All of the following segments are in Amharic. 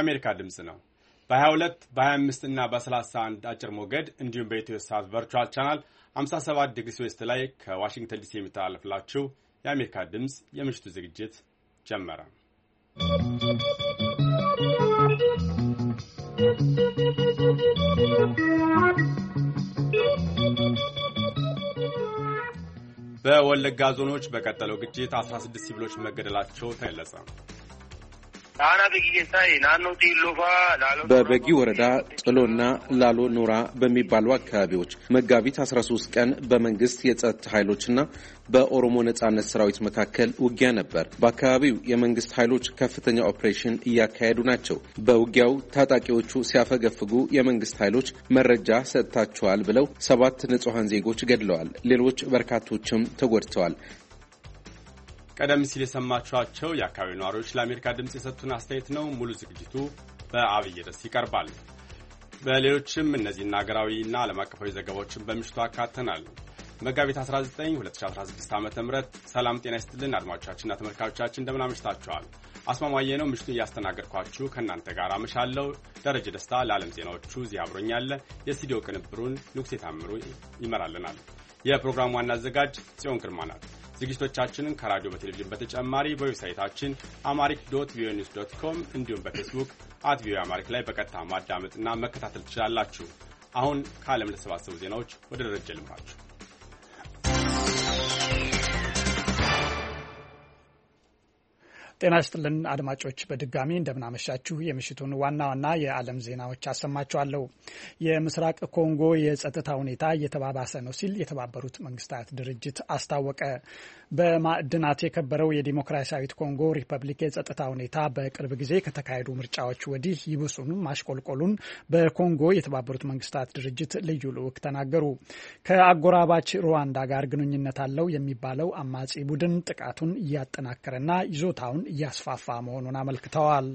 የአሜሪካ ድምፅ ነው። በ22 በ25 እና በ31 አጭር ሞገድ እንዲሁም በኢትዮ ሳት ቨርቹዋል ቻናል 57 ዲግሪ ስዌስት ላይ ከዋሽንግተን ዲሲ የሚተላለፍላችሁ የአሜሪካ ድምፅ የምሽቱ ዝግጅት ጀመረ። በወለጋ ዞኖች በቀጠለው ግጭት 16 ሲቪሎች መገደላቸው ተገለጸ። በበጊ ወረዳ ጥሎና ላሎ ኑራ በሚባሉ አካባቢዎች መጋቢት 13 ቀን በመንግስት የጸጥታ ኃይሎችና በኦሮሞ ነጻነት ሰራዊት መካከል ውጊያ ነበር። በአካባቢው የመንግስት ኃይሎች ከፍተኛ ኦፕሬሽን እያካሄዱ ናቸው። በውጊያው ታጣቂዎቹ ሲያፈገፍጉ የመንግስት ኃይሎች መረጃ ሰጥታችኋል ብለው ሰባት ንጹሐን ዜጎች ገድለዋል። ሌሎች በርካቶችም ተጎድተዋል። ቀደም ሲል የሰማችኋቸው የአካባቢ ነዋሪዎች ለአሜሪካ ድምፅ የሰጡን አስተያየት ነው። ሙሉ ዝግጅቱ በአብይ ርዕስ ይቀርባል። በሌሎችም እነዚህና ሀገራዊና ዓለም አቀፋዊ ዘገባዎችን በምሽቱ አካተናል። መጋቢት 19 2016 ዓ ም ሰላም ጤና ይስጥልን አድማጮቻችንና ተመልካቾቻችን እንደምን አምሽታችኋል። አስማማየ ነው ምሽቱን እያስተናገድኳችሁ ከእናንተ ጋር አመሻለው። ደረጀ ደስታ ለዓለም ዜናዎቹ እዚህ አብሮኛለ። የስቱዲዮ ቅንብሩን ንጉሴ ታምሩ ይመራልናል። የፕሮግራሙ ዋና አዘጋጅ ጽዮን ግርማ ናት። ዝግጅቶቻችንን ከራዲዮ በቴሌቪዥን በተጨማሪ በዌብሳይታችን አማሪክ ዶት ቪኦኤ ኒውስ ዶት ኮም እንዲሁም በፌስቡክ አት ቪኦኤ አማሪክ ላይ በቀጥታ ማዳመጥና መከታተል ትችላላችሁ። አሁን ከዓለም ለተሰባሰቡ ዜናዎች ወደ ደረጀ ልምራችሁ። ጤና ይስጥልን አድማጮች፣ በድጋሚ እንደምናመሻችሁ። የምሽቱን ዋና ዋና የዓለም ዜናዎች አሰማችኋለሁ። የምስራቅ ኮንጎ የጸጥታ ሁኔታ እየተባባሰ ነው ሲል የተባበሩት መንግስታት ድርጅት አስታወቀ። በማዕድናት የከበረው የዲሞክራሲያዊት ኮንጎ ሪፐብሊክ የጸጥታ ሁኔታ በቅርብ ጊዜ ከተካሄዱ ምርጫዎች ወዲህ ይብሱን ማሽቆልቆሉን በኮንጎ የተባበሩት መንግስታት ድርጅት ልዩ ልዑክ ተናገሩ። ከአጎራባች ሩዋንዳ ጋር ግንኙነት አለው የሚባለው አማጺ ቡድን ጥቃቱን እያጠናከረና ይዞታውን እያስፋፋ መሆኑን አመልክተዋል።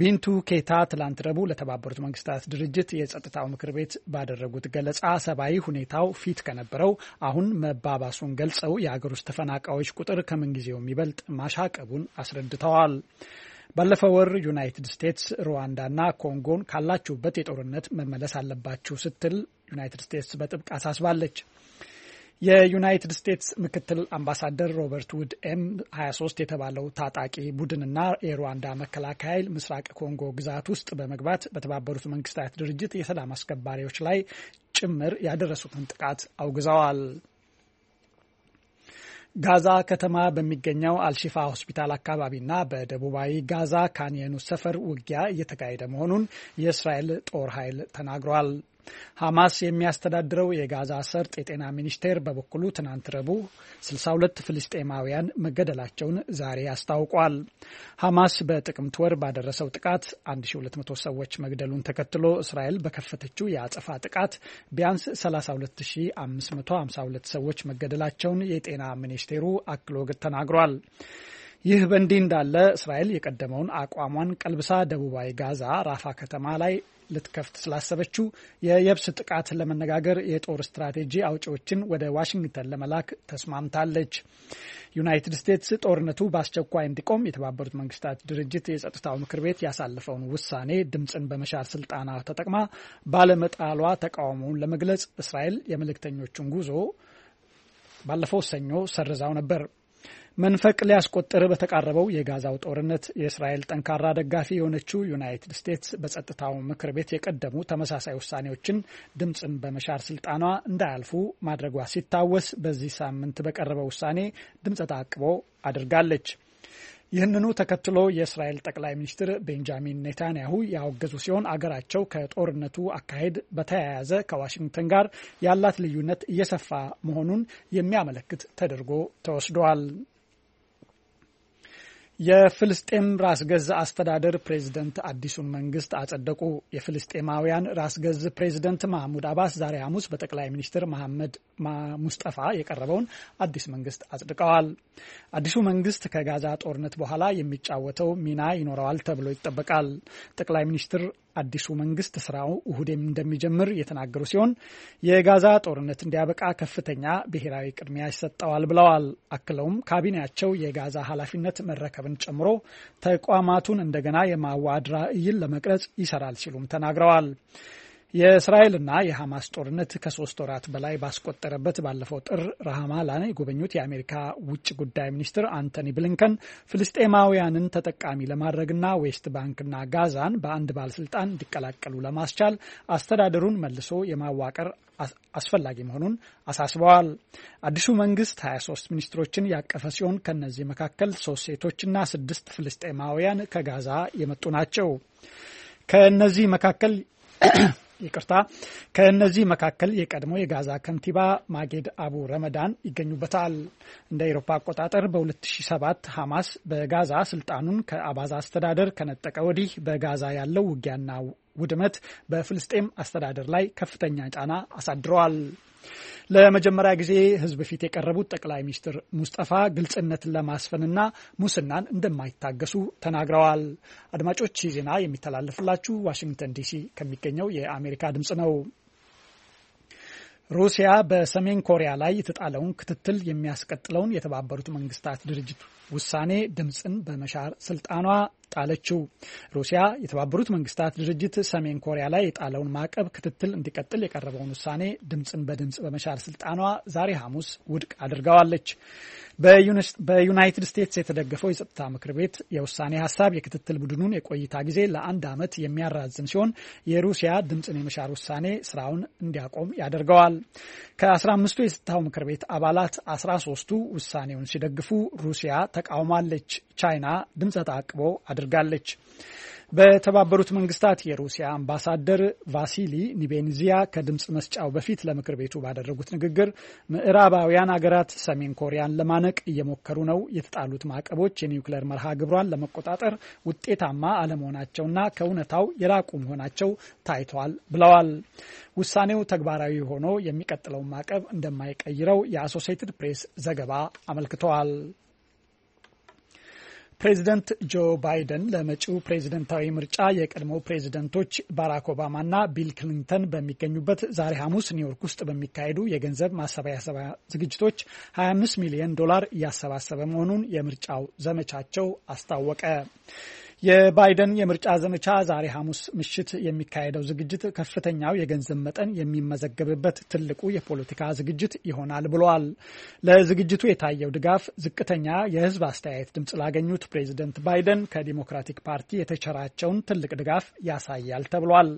ቢንቱ ኬታ ትላንት ረቡዕ ለተባበሩት መንግስታት ድርጅት የጸጥታው ምክር ቤት ባደረጉት ገለጻ ሰብአዊ ሁኔታው ፊት ከነበረው አሁን መባባሱን ገልጸው የአገር ውስጥ ተፈናቃዮች ቁጥር ከምንጊዜው የሚበልጥ ማሻቀቡን አስረድተዋል። ባለፈው ወር ዩናይትድ ስቴትስ ሩዋንዳና ኮንጎን ካላችሁበት የጦርነት መመለስ አለባችሁ ስትል ዩናይትድ ስቴትስ በጥብቅ አሳስባለች። የዩናይትድ ስቴትስ ምክትል አምባሳደር ሮበርት ውድ ኤም 23 የተባለው ታጣቂ ቡድንና የሩዋንዳ መከላከያ ኃይል ምስራቅ ኮንጎ ግዛት ውስጥ በመግባት በተባበሩት መንግስታት ድርጅት የሰላም አስከባሪዎች ላይ ጭምር ያደረሱትን ጥቃት አውግዘዋል። ጋዛ ከተማ በሚገኘው አልሺፋ ሆስፒታል አካባቢና በደቡባዊ ጋዛ ካንየኑ ሰፈር ውጊያ እየተካሄደ መሆኑን የእስራኤል ጦር ኃይል ተናግሯል። ሐማስ የሚያስተዳድረው የጋዛ ሰርጥ የጤና ሚኒስቴር በበኩሉ ትናንት ረቡዕ 62 ፍልስጤማውያን መገደላቸውን ዛሬ አስታውቋል። ሐማስ በጥቅምት ወር ባደረሰው ጥቃት 1200 ሰዎች መግደሉን ተከትሎ እስራኤል በከፈተችው የአጸፋ ጥቃት ቢያንስ 32552 ሰዎች መገደላቸውን የጤና ሚኒስቴሩ አክሎ ተናግሯል። ይህ በእንዲህ እንዳለ እስራኤል የቀደመውን አቋሟን ቀልብሳ ደቡባዊ ጋዛ ራፋ ከተማ ላይ ልትከፍት ስላሰበችው የየብስ ጥቃት ለመነጋገር የጦር ስትራቴጂ አውጪዎችን ወደ ዋሽንግተን ለመላክ ተስማምታለች። ዩናይትድ ስቴትስ ጦርነቱ በአስቸኳይ እንዲቆም የተባበሩት መንግስታት ድርጅት የጸጥታው ምክር ቤት ያሳለፈውን ውሳኔ ድምፅን በመሻር ስልጣና ተጠቅማ ባለመጣሏ ተቃውሞውን ለመግለጽ እስራኤል የመልእክተኞቹን ጉዞ ባለፈው ሰኞ ሰርዛው ነበር። መንፈቅ ሊያስቆጥር በተቃረበው የጋዛው ጦርነት የእስራኤል ጠንካራ ደጋፊ የሆነችው ዩናይትድ ስቴትስ በጸጥታው ምክር ቤት የቀደሙ ተመሳሳይ ውሳኔዎችን ድምፅን በመሻር ስልጣኗ እንዳያልፉ ማድረጓ ሲታወስ በዚህ ሳምንት በቀረበ ውሳኔ ድምፅ ተአቅቦ አድርጋለች። ይህንኑ ተከትሎ የእስራኤል ጠቅላይ ሚኒስትር ቤንጃሚን ኔታንያሁ ያወገዙ ሲሆን አገራቸው ከጦርነቱ አካሄድ በተያያዘ ከዋሽንግተን ጋር ያላት ልዩነት እየሰፋ መሆኑን የሚያመለክት ተደርጎ ተወስደዋል። የፍልስጤም ራስ ገዝ አስተዳደር ፕሬዝደንት አዲሱን መንግስት አጸደቁ። የፍልስጤማውያን ራስ ገዝ ፕሬዝደንት ማህሙድ አባስ ዛሬ ሐሙስ በጠቅላይ ሚኒስትር መሐመድ ሙስጠፋ የቀረበውን አዲስ መንግስት አጽድቀዋል። አዲሱ መንግስት ከጋዛ ጦርነት በኋላ የሚጫወተው ሚና ይኖረዋል ተብሎ ይጠበቃል። ጠቅላይ ሚኒስትር አዲሱ መንግስት ስራው እሁድ እንደሚጀምር የተናገሩ ሲሆን የጋዛ ጦርነት እንዲያበቃ ከፍተኛ ብሔራዊ ቅድሚያ ይሰጠዋል ብለዋል። አክለውም ካቢኔያቸው የጋዛ ኃላፊነት መረከብን ጨምሮ ተቋማቱን እንደገና የማዋሃድ ራዕይን ለመቅረጽ ይሰራል ሲሉም ተናግረዋል። የእስራኤልና የሐማስ ጦርነት ከሶስት ወራት በላይ ባስቆጠረበት ባለፈው ጥር ራማላን የጎበኙት የአሜሪካ ውጭ ጉዳይ ሚኒስትር አንቶኒ ብሊንከን ፍልስጤማውያንን ተጠቃሚ ለማድረግና ዌስት ባንክና ጋዛን በአንድ ባለስልጣን እንዲቀላቀሉ ለማስቻል አስተዳደሩን መልሶ የማዋቀር አስፈላጊ መሆኑን አሳስበዋል። አዲሱ መንግስት 23 ሚኒስትሮችን ያቀፈ ሲሆን ከእነዚህ መካከል ሶስት ሴቶችና ስድስት ፍልስጤማውያን ከጋዛ የመጡ ናቸው። ከእነዚህ መካከል ይቅርታ። ከእነዚህ መካከል የቀድሞ የጋዛ ከንቲባ ማጌድ አቡ ረመዳን ይገኙበታል። እንደ አውሮፓ አቆጣጠር በ2007 ሐማስ በጋዛ ስልጣኑን ከአባዛ አስተዳደር ከነጠቀ ወዲህ በጋዛ ያለው ውጊያና ውድመት በፍልስጤም አስተዳደር ላይ ከፍተኛ ጫና አሳድረዋል። ለመጀመሪያ ጊዜ ሕዝብ ፊት የቀረቡት ጠቅላይ ሚኒስትር ሙስጠፋ ግልጽነትን ለማስፈንና ሙስናን እንደማይታገሱ ተናግረዋል። አድማጮች ዜና የሚተላለፍላችሁ ዋሽንግተን ዲሲ ከሚገኘው የአሜሪካ ድምጽ ነው። ሩሲያ በሰሜን ኮሪያ ላይ የተጣለውን ክትትል የሚያስቀጥለውን የተባበሩት መንግስታት ድርጅት ውሳኔ ድምፅን በመሻር ስልጣኗ ጣለችው። ሩሲያ የተባበሩት መንግስታት ድርጅት ሰሜን ኮሪያ ላይ የጣለውን ማዕቀብ ክትትል እንዲቀጥል የቀረበውን ውሳኔ ድምፅን በድምፅ በመሻር ስልጣኗ ዛሬ ሐሙስ ውድቅ አድርገዋለች። በዩናይትድ ስቴትስ የተደገፈው የጸጥታ ምክር ቤት የውሳኔ ሀሳብ የክትትል ቡድኑን የቆይታ ጊዜ ለአንድ ዓመት የሚያራዝም ሲሆን የሩሲያ ድምፅን የመሻር ውሳኔ ስራውን እንዲያቆም ያደርገዋል። 15 የጸጥታው ምክር ቤት አባላት 13ቱ ውሳኔውን ሲደግፉ፣ ሩሲያ ተቃውማለች። ቻይና ድምፀ ተአቅቦ አድርጋለች። በተባበሩት መንግስታት የሩሲያ አምባሳደር ቫሲሊ ኒቤንዚያ ከድምፅ መስጫው በፊት ለምክር ቤቱ ባደረጉት ንግግር ምዕራባውያን ሀገራት ሰሜን ኮሪያን ለማነቅ እየሞከሩ ነው፣ የተጣሉት ማዕቀቦች የኒውክሌር መርሃ ግብሯን ለመቆጣጠር ውጤታማ አለመሆናቸውና ከእውነታው የራቁ መሆናቸው ታይተዋል ብለዋል። ውሳኔው ተግባራዊ ሆኖ የሚቀጥለውን ማዕቀብ እንደማይቀይረው የአሶሴትድ ፕሬስ ዘገባ አመልክተዋል። ፕሬዚደንት ጆ ባይደን ለመጪው ፕሬዚደንታዊ ምርጫ የቀድሞ ፕሬዚደንቶች ባራክ ኦባማና ቢል ክሊንተን በሚገኙበት ዛሬ ሐሙስ ኒውዮርክ ውስጥ በሚካሄዱ የገንዘብ ማሰባሰቢያ ዝግጅቶች 25 ሚሊዮን ዶላር እያሰባሰበ መሆኑን የምርጫው ዘመቻቸው አስታወቀ። የባይደን የምርጫ ዘመቻ ዛሬ ሐሙስ ምሽት የሚካሄደው ዝግጅት ከፍተኛው የገንዘብ መጠን የሚመዘገብበት ትልቁ የፖለቲካ ዝግጅት ይሆናል ብለዋል። ለዝግጅቱ የታየው ድጋፍ ዝቅተኛ የህዝብ አስተያየት ድምፅ ላገኙት ፕሬዚደንት ባይደን ከዲሞክራቲክ ፓርቲ የተቸራቸውን ትልቅ ድጋፍ ያሳያል ተብሏል።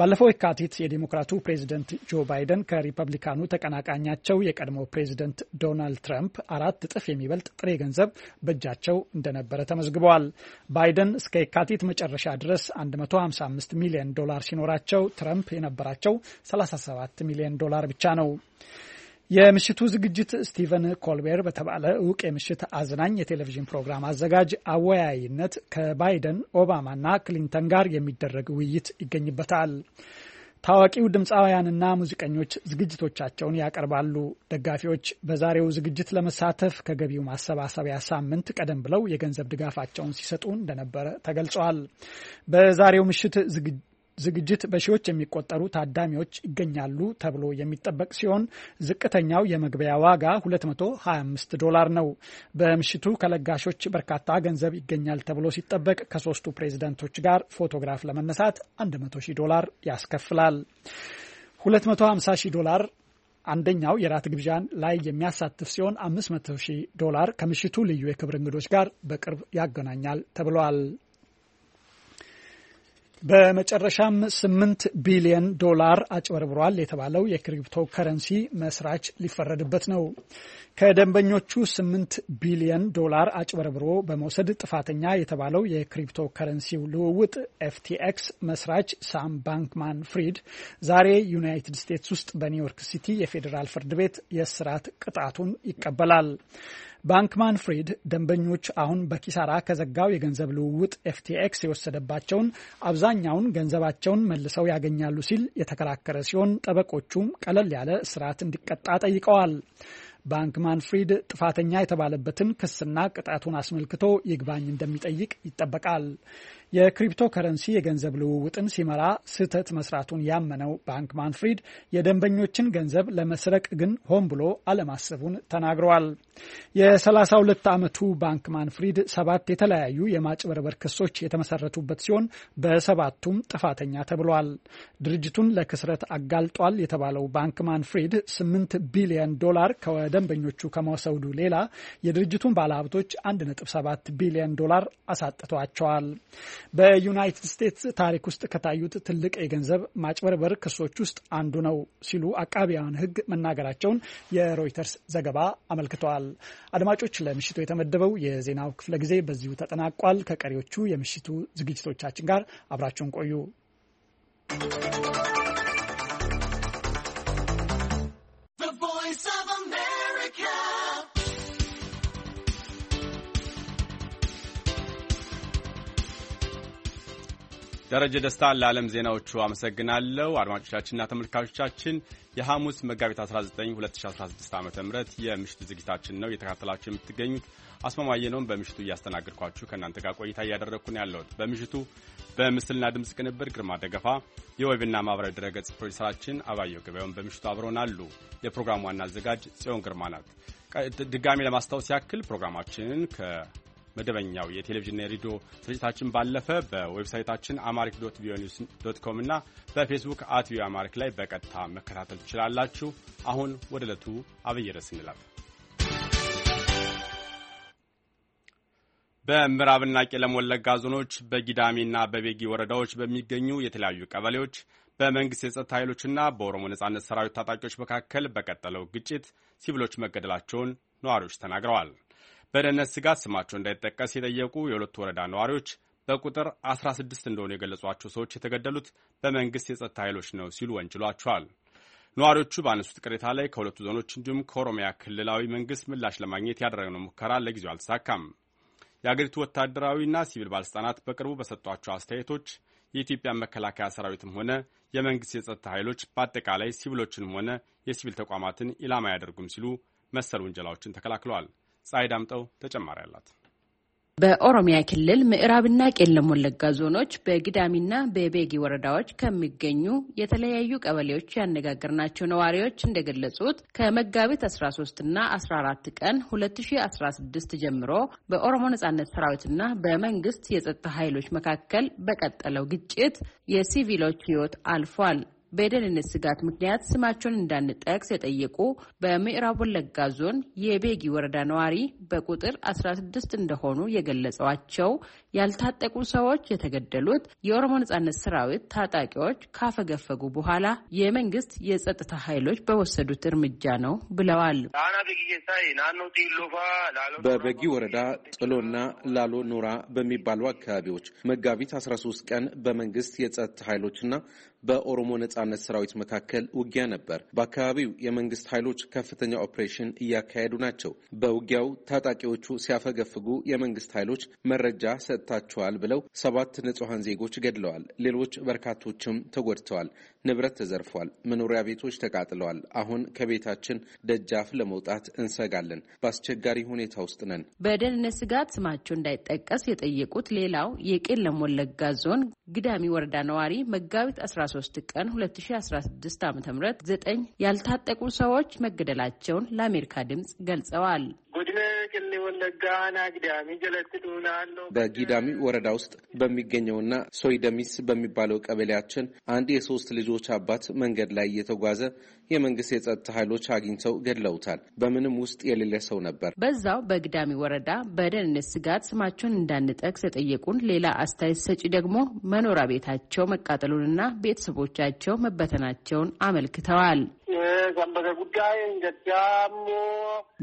ባለፈው የካቲት የዲሞክራቱ ፕሬዚደንት ጆ ባይደን ከሪፐብሊካኑ ተቀናቃኛቸው የቀድሞ ፕሬዚደንት ዶናልድ ትራምፕ አራት እጥፍ የሚበልጥ ጥሬ ገንዘብ በእጃቸው እንደነበረ ተመዝግበዋል። ባይደን ብሊንከን እስከ የካቲት መጨረሻ ድረስ 155 ሚሊዮን ዶላር ሲኖራቸው ትረምፕ የነበራቸው 37 ሚሊዮን ዶላር ብቻ ነው። የምሽቱ ዝግጅት ስቲቨን ኮልቤር በተባለ እውቅ የምሽት አዝናኝ የቴሌቪዥን ፕሮግራም አዘጋጅ አወያይነት ከባይደን ኦባማና ክሊንተን ጋር የሚደረግ ውይይት ይገኝበታል። ታዋቂው ድምፃውያንና ሙዚቀኞች ዝግጅቶቻቸውን ያቀርባሉ። ደጋፊዎች በዛሬው ዝግጅት ለመሳተፍ ከገቢው ማሰባሰቢያ ሳምንት ቀደም ብለው የገንዘብ ድጋፋቸውን ሲሰጡ እንደነበረ ተገልጿል። በዛሬው ምሽት ዝግጅት በሺዎች የሚቆጠሩ ታዳሚዎች ይገኛሉ ተብሎ የሚጠበቅ ሲሆን ዝቅተኛው የመግቢያ ዋጋ 225 ዶላር ነው። በምሽቱ ከለጋሾች በርካታ ገንዘብ ይገኛል ተብሎ ሲጠበቅ ከሶስቱ ፕሬዚደንቶች ጋር ፎቶግራፍ ለመነሳት 100 ዶላር ያስከፍላል። 250 ዶላር አንደኛው የራት ግብዣን ላይ የሚያሳትፍ ሲሆን 500 ዶላር ከምሽቱ ልዩ የክብር እንግዶች ጋር በቅርብ ያገናኛል ተብሏል። በመጨረሻም ስምንት ቢሊየን ዶላር አጭበርብሯል የተባለው የክሪፕቶ ከረንሲ መስራች ሊፈረድበት ነው። ከደንበኞቹ ስምንት ቢሊየን ዶላር አጭበርብሮ በመውሰድ ጥፋተኛ የተባለው የክሪፕቶ ከረንሲው ልውውጥ ኤፍቲኤክስ መስራች ሳም ባንክማን ፍሪድ ዛሬ ዩናይትድ ስቴትስ ውስጥ በኒውዮርክ ሲቲ የፌዴራል ፍርድ ቤት የእስራት ቅጣቱን ይቀበላል። ባንክማን ፍሬድ ደንበኞች አሁን በኪሳራ ከዘጋው የገንዘብ ልውውጥ ኤፍቲኤክስ የወሰደባቸውን አብዛኛውን ገንዘባቸውን መልሰው ያገኛሉ ሲል የተከራከረ ሲሆን ጠበቆቹም ቀለል ያለ እስራት እንዲቀጣ ጠይቀዋል። ባንክ ማንፍሪድ ጥፋተኛ የተባለበትን ክስና ቅጣቱን አስመልክቶ ይግባኝ እንደሚጠይቅ ይጠበቃል። የክሪፕቶ ከረንሲ የገንዘብ ልውውጥን ሲመራ ስህተት መስራቱን ያመነው ባንክ ማንፍሪድ የደንበኞችን ገንዘብ ለመስረቅ ግን ሆን ብሎ አለማሰቡን ተናግረዋል። የ32 ዓመቱ ባንክ ማንፍሪድ ሰባት የተለያዩ የማጭበርበር ክሶች የተመሰረቱበት ሲሆን በሰባቱም ጥፋተኛ ተብሏል። ድርጅቱን ለክስረት አጋልጧል የተባለው ባንክ ማንፍሪድ 8 ቢሊዮን ዶላር ከደንበኞቹ ከመውሰዱ ሌላ የድርጅቱን ባለሀብቶች 1.7 ቢሊዮን ዶላር አሳጥቷቸዋል። በዩናይትድ ስቴትስ ታሪክ ውስጥ ከታዩት ትልቅ የገንዘብ ማጭበርበር ክሶች ውስጥ አንዱ ነው ሲሉ አቃቢያን ሕግ መናገራቸውን የሮይተርስ ዘገባ አመልክተዋል። አድማጮች፣ ለምሽቱ የተመደበው የዜናው ክፍለ ጊዜ በዚሁ ተጠናቋል። ከቀሪዎቹ የምሽቱ ዝግጅቶቻችን ጋር አብራችሁን ቆዩ። ደረጀ ደስታ ለዓለም ዜናዎቹ አመሰግናለሁ። አድማጮቻችንና ተመልካቾቻችን የሐሙስ መጋቢት 19 2016 ዓ ም የምሽቱ ዝግጅታችን ነው እየተካተላችሁ የምትገኙት። አስማማየ ነውን በምሽቱ እያስተናገድኳችሁ ከእናንተ ጋር ቆይታ እያደረግኩን ያለሁት በምሽቱ በምስልና ድምፅ ቅንብር ግርማ ደገፋ፣ የዌብና ማኅበራዊ ድረገጽ ፕሮዲሰራችን አባየው ገበያውን በምሽቱ አብረውን አሉ። የፕሮግራሙ ዋና አዘጋጅ ጽዮን ግርማ ናት። ድጋሚ ለማስታወስ ያክል ፕሮግራማችንን መደበኛው የቴሌቪዥንና የሬዲዮ ስርጭታችን ባለፈ በዌብሳይታችን አማሪክ ዶት ዶት ኮም እና በፌስቡክ አት ቪኦኤ አማሪክ ላይ በቀጥታ መከታተል ትችላላችሁ። አሁን ወደ ዕለቱ አብይ ርዕስ እንለፍ። በምዕራብና ቄለም ወለጋ ዞኖች በጊዳሜና በቤጊ ወረዳዎች በሚገኙ የተለያዩ ቀበሌዎች በመንግስት የጸጥታ ኃይሎችና በኦሮሞ ነጻነት ሰራዊት ታጣቂዎች መካከል በቀጠለው ግጭት ሲቪሎች መገደላቸውን ነዋሪዎች ተናግረዋል። በደህንነት ስጋት ስማቸው እንዳይጠቀስ የጠየቁ የሁለቱ ወረዳ ነዋሪዎች በቁጥር 16 እንደሆኑ የገለጿቸው ሰዎች የተገደሉት በመንግስት የጸጥታ ኃይሎች ነው ሲሉ ወንጅሏቸዋል። ነዋሪዎቹ በአነሱት ቅሬታ ላይ ከሁለቱ ዞኖች እንዲሁም ከኦሮሚያ ክልላዊ መንግስት ምላሽ ለማግኘት ያደረግነው ሙከራ ለጊዜው አልተሳካም። የአገሪቱ ወታደራዊና ሲቪል ባለሥልጣናት በቅርቡ በሰጧቸው አስተያየቶች የኢትዮጵያን መከላከያ ሰራዊትም ሆነ የመንግሥት የጸጥታ ኃይሎች በአጠቃላይ ሲቪሎችንም ሆነ የሲቪል ተቋማትን ኢላማ አያደርጉም ሲሉ መሰል ውንጀላዎችን ተከላክለዋል። ፀሐይ ዳምጠው ተጨማሪ አላት። በኦሮሚያ ክልል ምዕራብና ቄለም ወለጋ ዞኖች በግዳሚና በቤጊ ወረዳዎች ከሚገኙ የተለያዩ ቀበሌዎች ያነጋገርናቸው ነዋሪዎች እንደገለጹት ከመጋቢት 13ና 14 ቀን 2016 ጀምሮ በኦሮሞ ነጻነት ሰራዊትና በመንግስት የጸጥታ ኃይሎች መካከል በቀጠለው ግጭት የሲቪሎች ህይወት አልፏል። በደህንነት ስጋት ምክንያት ስማቸውን እንዳንጠቅስ የጠየቁ በምዕራብ ወለጋ ዞን የቤጊ ወረዳ ነዋሪ በቁጥር 16 እንደሆኑ የገለጸዋቸው ያልታጠቁ ሰዎች የተገደሉት የኦሮሞ ነጻነት ሰራዊት ታጣቂዎች ካፈገፈጉ በኋላ የመንግስት የጸጥታ ኃይሎች በወሰዱት እርምጃ ነው ብለዋል። በበጊ ወረዳ ጥሎና ላሎ ኑራ በሚባሉ አካባቢዎች መጋቢት 13 ቀን በመንግስት የጸጥታ ኃይሎችና በኦሮሞ ነጻነት ሰራዊት መካከል ውጊያ ነበር። በአካባቢው የመንግስት ኃይሎች ከፍተኛ ኦፕሬሽን እያካሄዱ ናቸው። በውጊያው ታጣቂዎቹ ሲያፈገፍጉ የመንግስት ኃይሎች መረጃ ሰጥ ሰጥታችኋል ብለው ሰባት ንጹሐን ዜጎች ገድለዋል። ሌሎች በርካቶችም ተጎድተዋል። ንብረት ተዘርፏል። መኖሪያ ቤቶች ተቃጥለዋል። አሁን ከቤታችን ደጃፍ ለመውጣት እንሰጋለን። በአስቸጋሪ ሁኔታ ውስጥ ነን። በደህንነት ስጋት ስማቸው እንዳይጠቀስ የጠየቁት ሌላው የቄለም ወለጋ ዞን ግዳሚ ወረዳ ነዋሪ መጋቢት 13 ቀን 2016 ዓ ም ዘጠኝ ያልታጠቁ ሰዎች መገደላቸውን ለአሜሪካ ድምፅ ገልጸዋል። በጊዳሚ ወረዳ ውስጥ በሚገኘውና ሶይደሚስ በሚባለው ቀበሌያችን አንድ የሶስት ልጆች አባት መንገድ ላይ እየተጓዘ የመንግስት የጸጥታ ኃይሎች አግኝተው ገድለውታል። በምንም ውስጥ የሌለ ሰው ነበር። በዛው በግዳሚ ወረዳ በደህንነት ስጋት ስማቸውን እንዳንጠቅስ የጠየቁን ሌላ አስተያየት ሰጪ ደግሞ መኖሪያ ቤታቸው መቃጠሉንና ቤተሰቦቻቸው መበተናቸውን አመልክተዋል።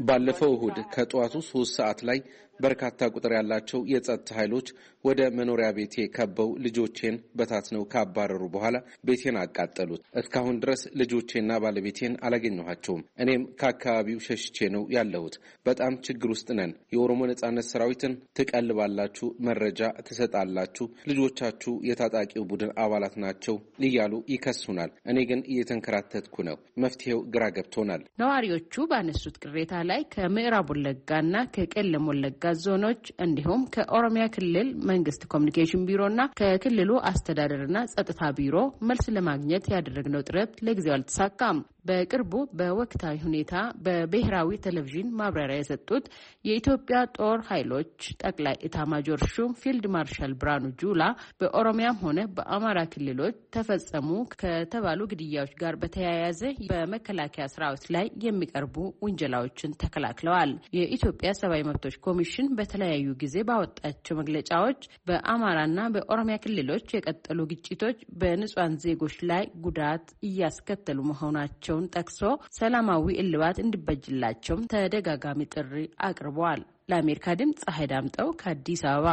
ባለፈው እሁድ ከጠዋቱ ሶስት ሰዓት ላይ በርካታ ቁጥር ያላቸው የጸጥታ ኃይሎች ወደ መኖሪያ ቤቴ ከበው ልጆቼን በታትነው ካባረሩ በኋላ ቤቴን አቃጠሉት። እስካሁን ድረስ ልጆቼና ባለቤቴን አላገኘኋቸውም። እኔም ከአካባቢው ሸሽቼ ነው ያለሁት። በጣም ችግር ውስጥ ነን። የኦሮሞ ነጻነት ሰራዊትን ትቀልባላችሁ፣ መረጃ ትሰጣላችሁ፣ ልጆቻችሁ የታጣቂው ቡድን አባላት ናቸው እያሉ ይከሱናል። እኔ ግን እየተንከራተትኩ ነው። መፍትሄው ግራ ገብቶናል። ነዋሪዎቹ ባነሱት ቅሬታ ላይ ከምዕራብ ወለጋና ከቄለም ወለጋ ከተዘጋጅ ዞኖች እንዲሁም ከኦሮሚያ ክልል መንግስት ኮሚኒኬሽን ቢሮና ከክልሉ አስተዳደርና ጸጥታ ቢሮ መልስ ለማግኘት ያደረግነው ጥረት ለጊዜው አልተሳካም። በቅርቡ በወቅታዊ ሁኔታ በብሔራዊ ቴሌቪዥን ማብራሪያ የሰጡት የኢትዮጵያ ጦር ኃይሎች ጠቅላይ ኢታማጆር ሹም ፊልድ ማርሻል ብርሃኑ ጁላ በኦሮሚያም ሆነ በአማራ ክልሎች ተፈጸሙ ከተባሉ ግድያዎች ጋር በተያያዘ በመከላከያ ሰራዊት ላይ የሚቀርቡ ውንጀላዎችን ተከላክለዋል። የኢትዮጵያ ሰብአዊ መብቶች ኮሚሽን በተለያዩ ጊዜ ባወጣቸው መግለጫዎች በአማራና በኦሮሚያ ክልሎች የቀጠሉ ግጭቶች በንጹሐን ዜጎች ላይ ጉዳት እያስከተሉ መሆናቸው መሆናቸውን ጠቅሶ ሰላማዊ እልባት እንዲበጅላቸውም ተደጋጋሚ ጥሪ አቅርበዋል። ለአሜሪካ ድምፅ ፀሐይ ዳምጠው ከአዲስ አበባ።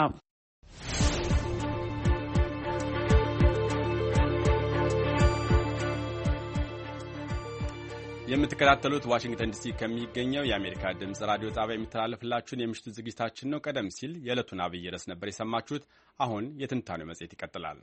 የምትከታተሉት ዋሽንግተን ዲሲ ከሚገኘው የአሜሪካ ድምፅ ራዲዮ ጣቢያ የሚተላለፍላችሁን የምሽቱ ዝግጅታችን ነው። ቀደም ሲል የዕለቱን አብይ ርዕስ ነበር የሰማችሁት። አሁን የትንታኔው መጽሔት ይቀጥላል።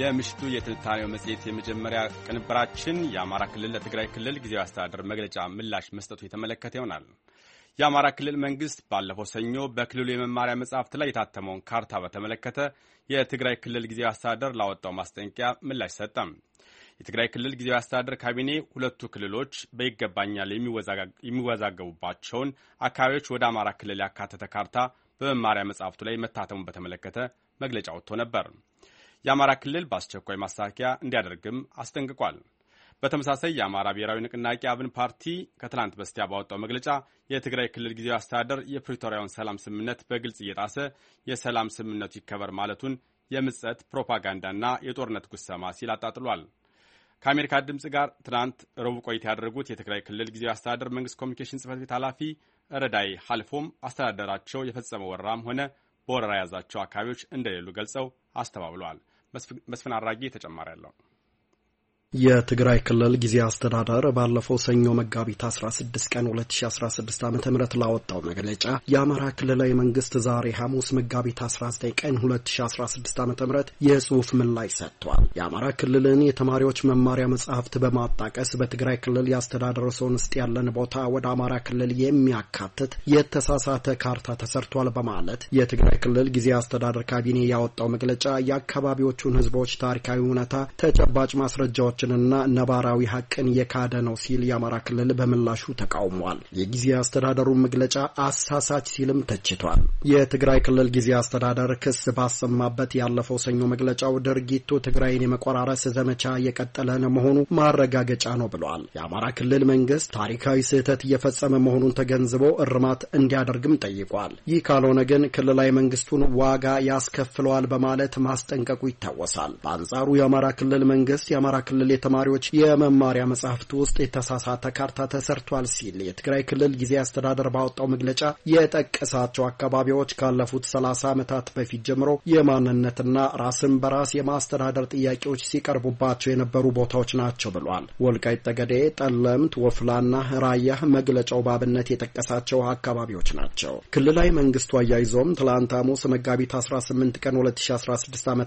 የምሽቱ የትንታኔው መጽሔት የመጀመሪያ ቅንብራችን የአማራ ክልል ለትግራይ ክልል ጊዜያዊ አስተዳደር መግለጫ ምላሽ መስጠቱ የተመለከተ ይሆናል። የአማራ ክልል መንግስት ባለፈው ሰኞ በክልሉ የመማሪያ መጽሐፍት ላይ የታተመውን ካርታ በተመለከተ የትግራይ ክልል ጊዜያዊ አስተዳደር ላወጣው ማስጠንቀቂያ ምላሽ ሰጠም። የትግራይ ክልል ጊዜያዊ አስተዳደር ካቢኔ ሁለቱ ክልሎች በይገባኛል የሚወዛገቡባቸውን አካባቢዎች ወደ አማራ ክልል ያካተተ ካርታ በመማሪያ መጽሐፍቱ ላይ መታተሙን በተመለከተ መግለጫ ወጥቶ ነበር። የአማራ ክልል በአስቸኳይ ማስተካከያ እንዲያደርግም አስጠንቅቋል። በተመሳሳይ የአማራ ብሔራዊ ንቅናቄ አብን ፓርቲ ከትናንት በስቲያ ባወጣው መግለጫ የትግራይ ክልል ጊዜያዊ አስተዳደር የፕሪቶሪያውን ሰላም ስምምነት በግልጽ እየጣሰ የሰላም ስምምነቱ ይከበር ማለቱን የምጸት ፕሮፓጋንዳና የጦርነት ጉሰማ ሲል አጣጥሏል። ከአሜሪካ ድምፅ ጋር ትናንት ረቡዕ ቆይታ ያደረጉት የትግራይ ክልል ጊዜያዊ አስተዳደር መንግስት ኮሚኒኬሽን ጽህፈት ቤት ኃላፊ ረዳይ ሀልፎም አስተዳደራቸው የፈጸመው ወረራም ሆነ በወረራ የያዛቸው አካባቢዎች እንደሌሉ ገልጸው አስተባብለዋል። መስፍን አራጌ ተጨማሪ አለው። የትግራይ ክልል ጊዜ አስተዳደር ባለፈው ሰኞ መጋቢት 16 ቀን 2016 ዓ ም ላወጣው መግለጫ የአማራ ክልላዊ መንግስት ዛሬ ሐሙስ መጋቢት 19 ቀን 2016 ዓ ም የጽሑፍ ምላሽ ሰጥቷል። የአማራ ክልልን የተማሪዎች መማሪያ መጽሐፍት በማጣቀስ በትግራይ ክልል ሰውን ውስጥ ያለን ቦታ ወደ አማራ ክልል የሚያካትት የተሳሳተ ካርታ ተሰርቷል በማለት የትግራይ ክልል ጊዜ አስተዳደር ካቢኔ ያወጣው መግለጫ የአካባቢዎቹን ህዝቦች ታሪካዊ እውነታ ተጨባጭ ማስረጃዎች እሴቶቻችንና ነባራዊ ሀቅን የካደ ነው ሲል የአማራ ክልል በምላሹ ተቃውሟል። የጊዜ አስተዳደሩ መግለጫ አሳሳች ሲልም ተችቷል። የትግራይ ክልል ጊዜ አስተዳደር ክስ ባሰማበት ያለፈው ሰኞ መግለጫው ድርጊቱ ትግራይን የመቆራረስ ዘመቻ የቀጠለን መሆኑ ማረጋገጫ ነው ብለዋል። የአማራ ክልል መንግስት ታሪካዊ ስህተት እየፈጸመ መሆኑን ተገንዝቦ እርማት እንዲያደርግም ጠይቋል። ይህ ካልሆነ ግን ክልላዊ መንግስቱን ዋጋ ያስከፍለዋል በማለት ማስጠንቀቁ ይታወሳል። በአንጻሩ የአማራ ክልል መንግስት የአማራ ክልል ክልል የተማሪዎች የመማሪያ መጽሐፍት ውስጥ የተሳሳተ ካርታ ተሰርቷል ሲል የትግራይ ክልል ጊዜ አስተዳደር ባወጣው መግለጫ የጠቀሳቸው አካባቢዎች ካለፉት ሰላሳ ዓመታት በፊት ጀምሮ የማንነትና ራስን በራስ የማስተዳደር ጥያቄዎች ሲቀርቡባቸው የነበሩ ቦታዎች ናቸው ብሏል። ወልቃይት ጠገዴ፣ ጠለምት፣ ወፍላና ራያ መግለጫው ባብነት የጠቀሳቸው አካባቢዎች ናቸው። ክልላዊ መንግስቱ አያይዞም ትላንት ሐሙስ መጋቢት 18 ቀን 2016 ዓ ም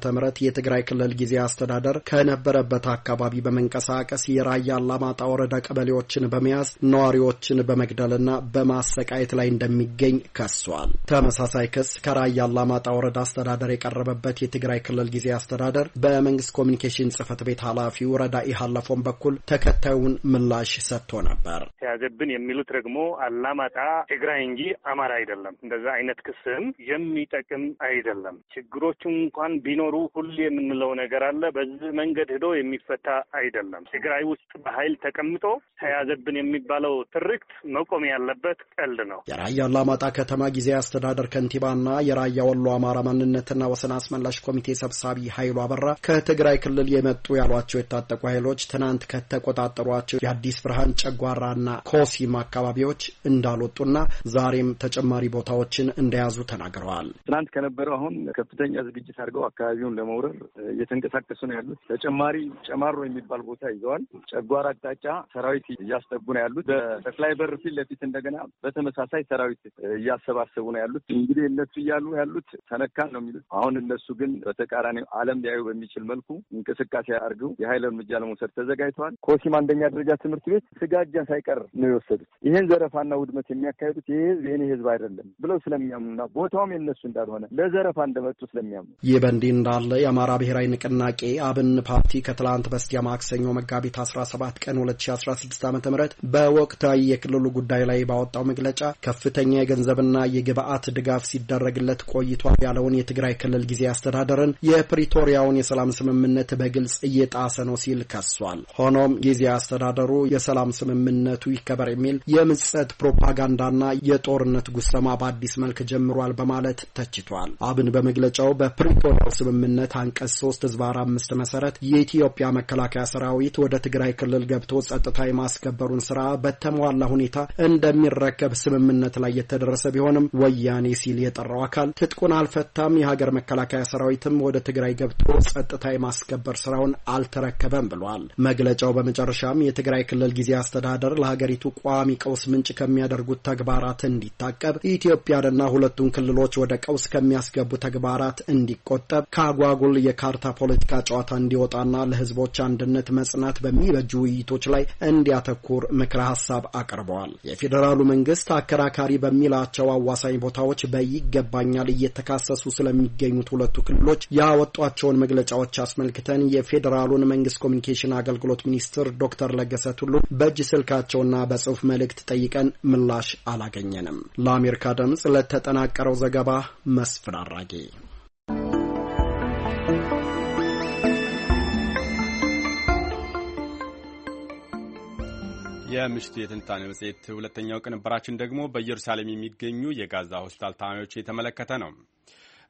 የትግራይ ክልል ጊዜ አስተዳደር ከነበረበት አካባቢ አካባቢ በመንቀሳቀስ የራያ አላማጣ ወረዳ ቀበሌዎችን በመያዝ ነዋሪዎችን በመግደልና በማሰቃየት ላይ እንደሚገኝ ከሷል። ተመሳሳይ ክስ ከራያ አላማጣ ወረዳ አስተዳደር የቀረበበት የትግራይ ክልል ጊዜ አስተዳደር በመንግስት ኮሚኒኬሽን ጽህፈት ቤት ኃላፊው ወረዳ ሃለፎን በኩል ተከታዩን ምላሽ ሰጥቶ ነበር። ተያዘብን የሚሉት ደግሞ አላማጣ ትግራይ እንጂ አማራ አይደለም። እንደዛ አይነት ክስም የሚጠቅም አይደለም። ችግሮቹ እንኳን ቢኖሩ ሁሌ የምንለው ነገር አለ። በዚህ መንገድ ሂዶ የሚፈታ አይደለም። ትግራይ ውስጥ በኃይል ተቀምጦ ተያዘብን የሚባለው ትርክት መቆም ያለበት ቀልድ ነው። የራያ አላማጣ ከተማ ጊዜ አስተዳደር ከንቲባና የራያ ወሎ አማራ ማንነትና ወሰን አስመላሽ ኮሚቴ ሰብሳቢ ኃይሉ አበራ ከትግራይ ክልል የመጡ ያሏቸው የታጠቁ ኃይሎች ትናንት ከተቆጣጠሯቸው የአዲስ ብርሃን ጨጓራና ኮሲም አካባቢዎች እንዳልወጡና ዛሬም ተጨማሪ ቦታዎችን እንደያዙ ተናግረዋል። ትናንት ከነበረው አሁን ከፍተኛ ዝግጅት አድርገው አካባቢውን ለመውረር እየተንቀሳቀሱ ነው ያሉት። ተጨማሪ ጨማሮ የሚባል ቦታ ይዘዋል። ጨጓር አቅጣጫ ሰራዊት እያስጠጉ ነው ያሉት። በጠቅላይ በር ፊት ለፊት እንደገና በተመሳሳይ ሰራዊት እያሰባሰቡ ነው ያሉት። እንግዲህ እነሱ እያሉ ያሉት ተነካን ነው የሚሉት። አሁን እነሱ ግን በተቃራኒ ዓለም ሊያዩ በሚችል መልኩ እንቅስቃሴ አድርገው የሀይል እርምጃ ለመውሰድ ተዘጋጅተዋል። ኮሲም አንደኛ ደረጃ ትምህርት ቤት ስጋጃ ሳይቀር ነው የወሰዱት። ይህን ዘረፋና ውድመት የሚያካሄዱት ይህ የኔ ህዝብ አይደለም ብለው ስለሚያምኑና ቦታውም የነሱ እንዳልሆነ ለዘረፋ እንደመጡ ስለሚያምኑ ይህ በእንዲህ እንዳለ የአማራ ብሔራዊ ንቅናቄ አብን ፓርቲ ከትላንት በስቲያ ማክሰኞ መጋቢት 17 ቀን 2016 ዓ ም በወቅታዊ የክልሉ ጉዳይ ላይ ባወጣው መግለጫ ከፍተኛ የገንዘብና የግብአት ድጋፍ ሲደረግለት ቆይቷል ያለውን የትግራይ ክልል ጊዜ አስተዳደርን የፕሪቶሪያውን የሰላም ስምምነት በግልጽ እየጣሰ ነው ሲል ከሷል። ሆኖም ጊዜ አስተዳደሩ የሰላም ስምምነቱ ይከበር የሚል የምጸት ፕሮፓጋንዳና የጦርነት ጉሰማ በአዲስ መልክ ጀምሯል በማለት ተችቷል። አብን በመግለጫው በፕሪቶሪያው ስምምነት አንቀጽ ሶስት ህዝባር አምስት መሰረት የኢትዮጵያ መከላከ መከላከያ ሰራዊት ወደ ትግራይ ክልል ገብቶ ጸጥታ የማስከበሩን ስራ በተሟላ ሁኔታ እንደሚረከብ ስምምነት ላይ የተደረሰ ቢሆንም ወያኔ ሲል የጠራው አካል ትጥቁን አልፈታም፣ የሀገር መከላከያ ሰራዊትም ወደ ትግራይ ገብቶ ጸጥታ የማስከበር ስራውን አልተረከበም ብሏል መግለጫው። በመጨረሻም የትግራይ ክልል ጊዜ አስተዳደር ለሀገሪቱ ቋሚ ቀውስ ምንጭ ከሚያደርጉት ተግባራት እንዲታቀብ፣ ኢትዮጵያንና ሁለቱን ክልሎች ወደ ቀውስ ከሚያስገቡ ተግባራት እንዲቆጠብ፣ ከአጓጉል የካርታ ፖለቲካ ጨዋታ እንዲወጣና ለህዝቦች አንድ አንድነት መጽናት በሚበጁ ውይይቶች ላይ እንዲያተኩር ምክረ ሀሳብ አቅርበዋል። የፌዴራሉ መንግስት አከራካሪ በሚላቸው አዋሳኝ ቦታዎች በይገባኛል እየተካሰሱ ስለሚገኙት ሁለቱ ክልሎች ያወጧቸውን መግለጫዎች አስመልክተን የፌዴራሉን መንግስት ኮሚኒኬሽን አገልግሎት ሚኒስትር ዶክተር ለገሰ ቱሉ በእጅ ስልካቸውና በጽሁፍ መልእክት ጠይቀን ምላሽ አላገኘንም። ለአሜሪካ ድምፅ ለተጠናቀረው ዘገባ መስፍን አራጌ የምሽቱ የትንታኔ መጽሔት ሁለተኛው ቅንብራችን ደግሞ በኢየሩሳሌም የሚገኙ የጋዛ ሆስፒታል ታማሚዎች የተመለከተ ነው።